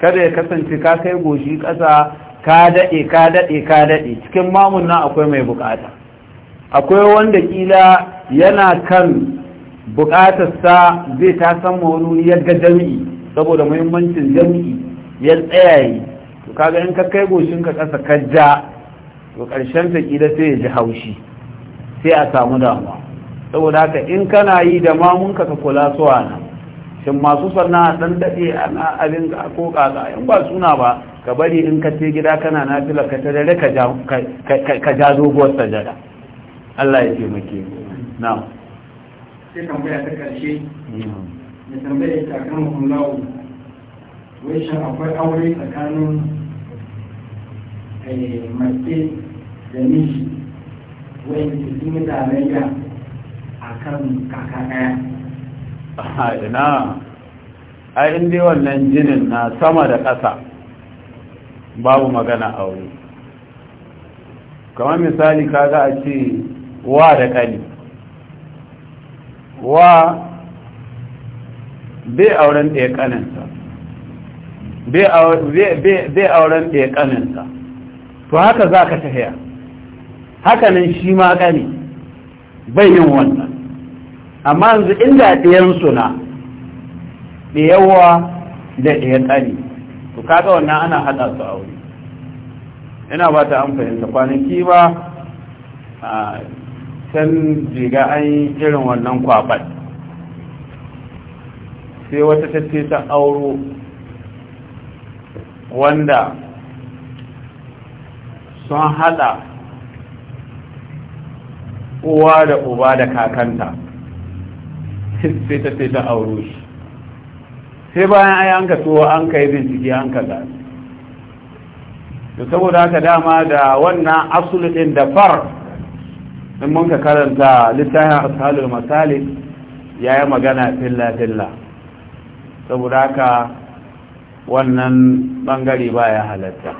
kada ya kasance ka kai goshi ƙasa ka daɗe ka daɗe ka daɗe cikin mamun nan akwai mai bukata akwai wanda kila yana kan bukatarsa zai ta san wani ya ga jami'i saboda muhimmancin jami'i ya tsayaye to kaga in ka kai goshin ka kasa ka ja to karshen ta kila sai ya ji haushi sai a samu damuwa saboda haka in kana yi da mamunka ka kula suwa nan shin masu sanna dan dade ana abin ko kaza in ba suna ba ka bari in ka ce gida kana na fila ka dare ka ja doguwar sajada Allah ya taimake mu na'am sai tambaya ta karshe da tambaya ta kan hulawu wai shan akwai aure tsakanin eh, mace da miji wanda ke sun yi tarayya a kan kaka ɗaya a ina a inda wannan jinin na sama da ƙasa babu magana aure kamar misali kaga a ce wa da ƙani wa bai auren ɗaya ƙaninsa to haka za ka tafiya hakanan shi ma ƙani bai yin wannan amma yanzu inda ɗayansu na ɗayawa da ɗaya ƙani to kaga wannan ana haɗa su aure ina ba ta an da kwanaki ba can jiga an yi irin wannan kwaɓar sai wata tace ta auro wanda sun haɗa uwa da uba da kakanta sai ta ce ta auro shi sai bayan ai an ka tuwo an ka yi bincike an ka zaɓi saboda haka dama da wannan asulin da far in mun ka karanta littafin asalul masalik ya yi magana filla-filla saboda haka wannan bangare ba ya halatta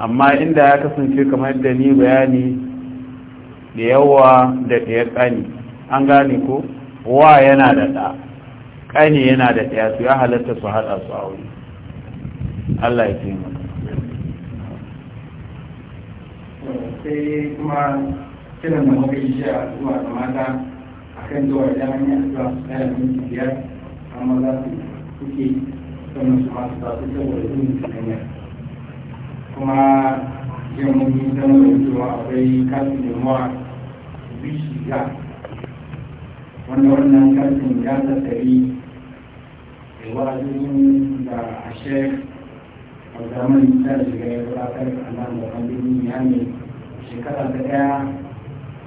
amma inda ya kasance kamar da ni bayani da yawa da ɗaya ƙani an gane ko wa yana da ɗa ƙani yana da ɗaya su ya halatta su haɗa su a allah ya taimaka sai kuma kiran da muka yi shi a zuwa da mata a kan zuwa da hanyar za su tsaya minti biyar amma za su kuke sannan su masu tasu saboda yin hanyar kuma yau mun yi zama da cewa akwai kasin yamuwa bishi ga wanda wannan kasin ya tattari da wa'azin da a shek a zamanin ta shiga ya gabatar a nan da kan duniya ne shekara ta daya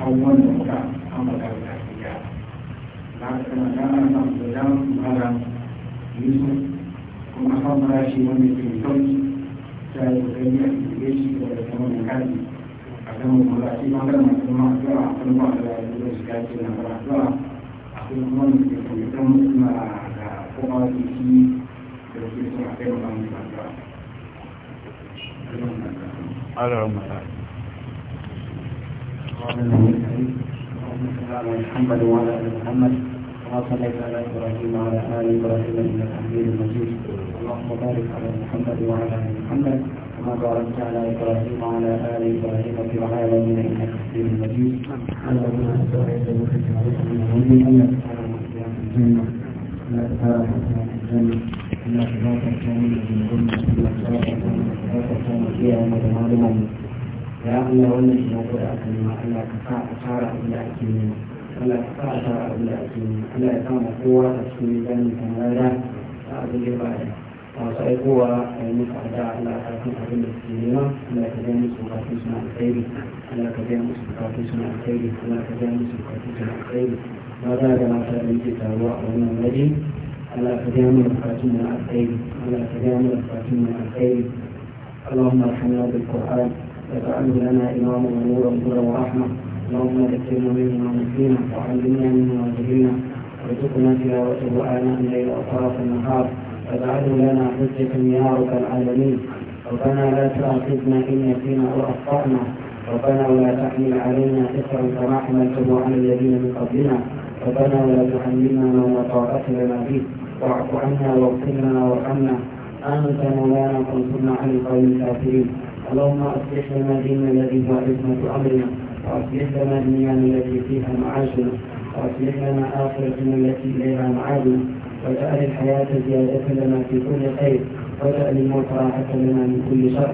abubuwan da muka ambata da kafin na kana kana na da malam yusuf kuma kan farashi wanda wani sauki ta yi kokari a cikin shi da kuma mai kaji a kan mulaci bangaren masu ma zuwa a kan ba da zuwa shi kaji na fara zuwa a kan kuma da ke kwamitan mutum da kuma da shi da ke suna kai ba mu zuwa. Allah على محمد وعلى ال محمد كما صليت على ابراهيم وعلى ال ابراهيم انك حميد مجيد اللهم بارك على محمد وعلى ال محمد وما باركت على ابراهيم وعلى ال ابراهيم في العالمين انك حميد مجيد على ربنا استعيذ بك من الغيب ان تسالنا في الجنه لا تسالنا في الجنه لا تسالنا في الجنه لا تسالنا في الجنه ya Allah wannan shi na kuɗa aka nema Allah ka sa a tara abin da ake nema Allah ka sa a tara abin da ake nema Allah ya sa ma kowa a cikin ganin kamara a abin da ba a masu aikowa a yi musu ada Allah ka san abin da suke nema Allah ka biya musu bukatun suna alkhairi Allah ka biya musu bukatun suna alkhairi Allah ka biya musu bukatun suna alkhairi maza da mata da muke taruwa a wannan waje Allah ka biya mana bukatun na alkhairi Allah ka biya mana bukatun na alkhairi اللهم ارحمنا بالقرآن واجعله لنا إماما ونورا نورا ورحمة اللهم ذكرنا منه ما نسينا وعلمنا منه ما جهلنا وارزقنا تلاوته آناء الليل وأطراف النهار واجعله لنا حجة يا رب العالمين ربنا لا تؤاخذنا إن نسينا أو أخطأنا ربنا ولا تحمل علينا اثرا كما حملته على الذين من قبلنا ربنا ولا تحملنا ما لا طاقة لنا به واعف عنا واغفر لنا وارحمنا أنت مولانا فانصرنا على القوم الكافرين اللهم أصلح لنا ديننا الذي هو عصمة أمرنا وأصلح لنا دنيانا التي فيها معاشنا وأصلح لنا آخرتنا التي إليها معادنا واجعل الحياة زيادة لنا في كل خير واجعل الموت راحة لنا من كل شر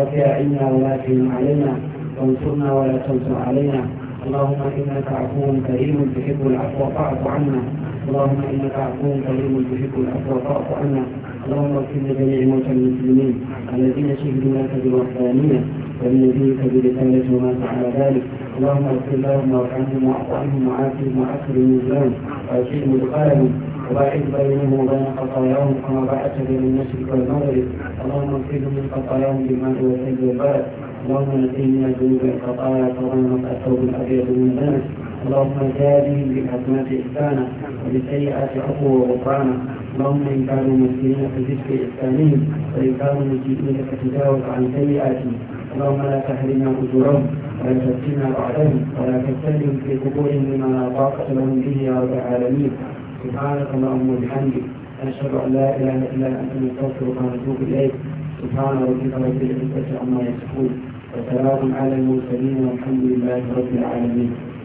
رفع عنا ولا تهن علينا وانصرنا ولا تنصر علينا اللهم إنك عفو كريم تحب العفو فاعف عنا اللهم إنك عفو كريم تحب العفو فاعف عنا اللهم اغفر لجميع موتى المسلمين الذين شهدوا لك بالوحدانية ولنبيك برسالته ومات على ذلك اللهم اغفر لهم وارحمهم واعطهم وعافهم واكثر نزلهم واجعل مدخلهم وباعد بينهم وبين خطاياهم كما باعدت بين المشرق والمغرب اللهم اغفرهم من خطاياهم بالماء والثلج والبرد اللهم نسيهم من الذنوب والخطايا كما الثوب الابيض من ذنب اللهم زادهم بالحسنات احسانا وبالسيئات عفوا وغفرانا اللهم إن كانوا مسلمين فزد في إحسانهم وإن كانوا مسلمين فتجاوز عن سيئاتهم اللهم لا تحرمنا أجورهم ولا تفتنا بعدهم ولا تفتنهم في قبورهم بما لا طاقة لهم به يا رب العالمين سبحانك اللهم وبحمدك أشهد أن لا إله إلا أنت نستغفرك ونتوب إليك سبحان ربك رب العزة عما يصفون وسلام على المرسلين والحمد لله رب العالمين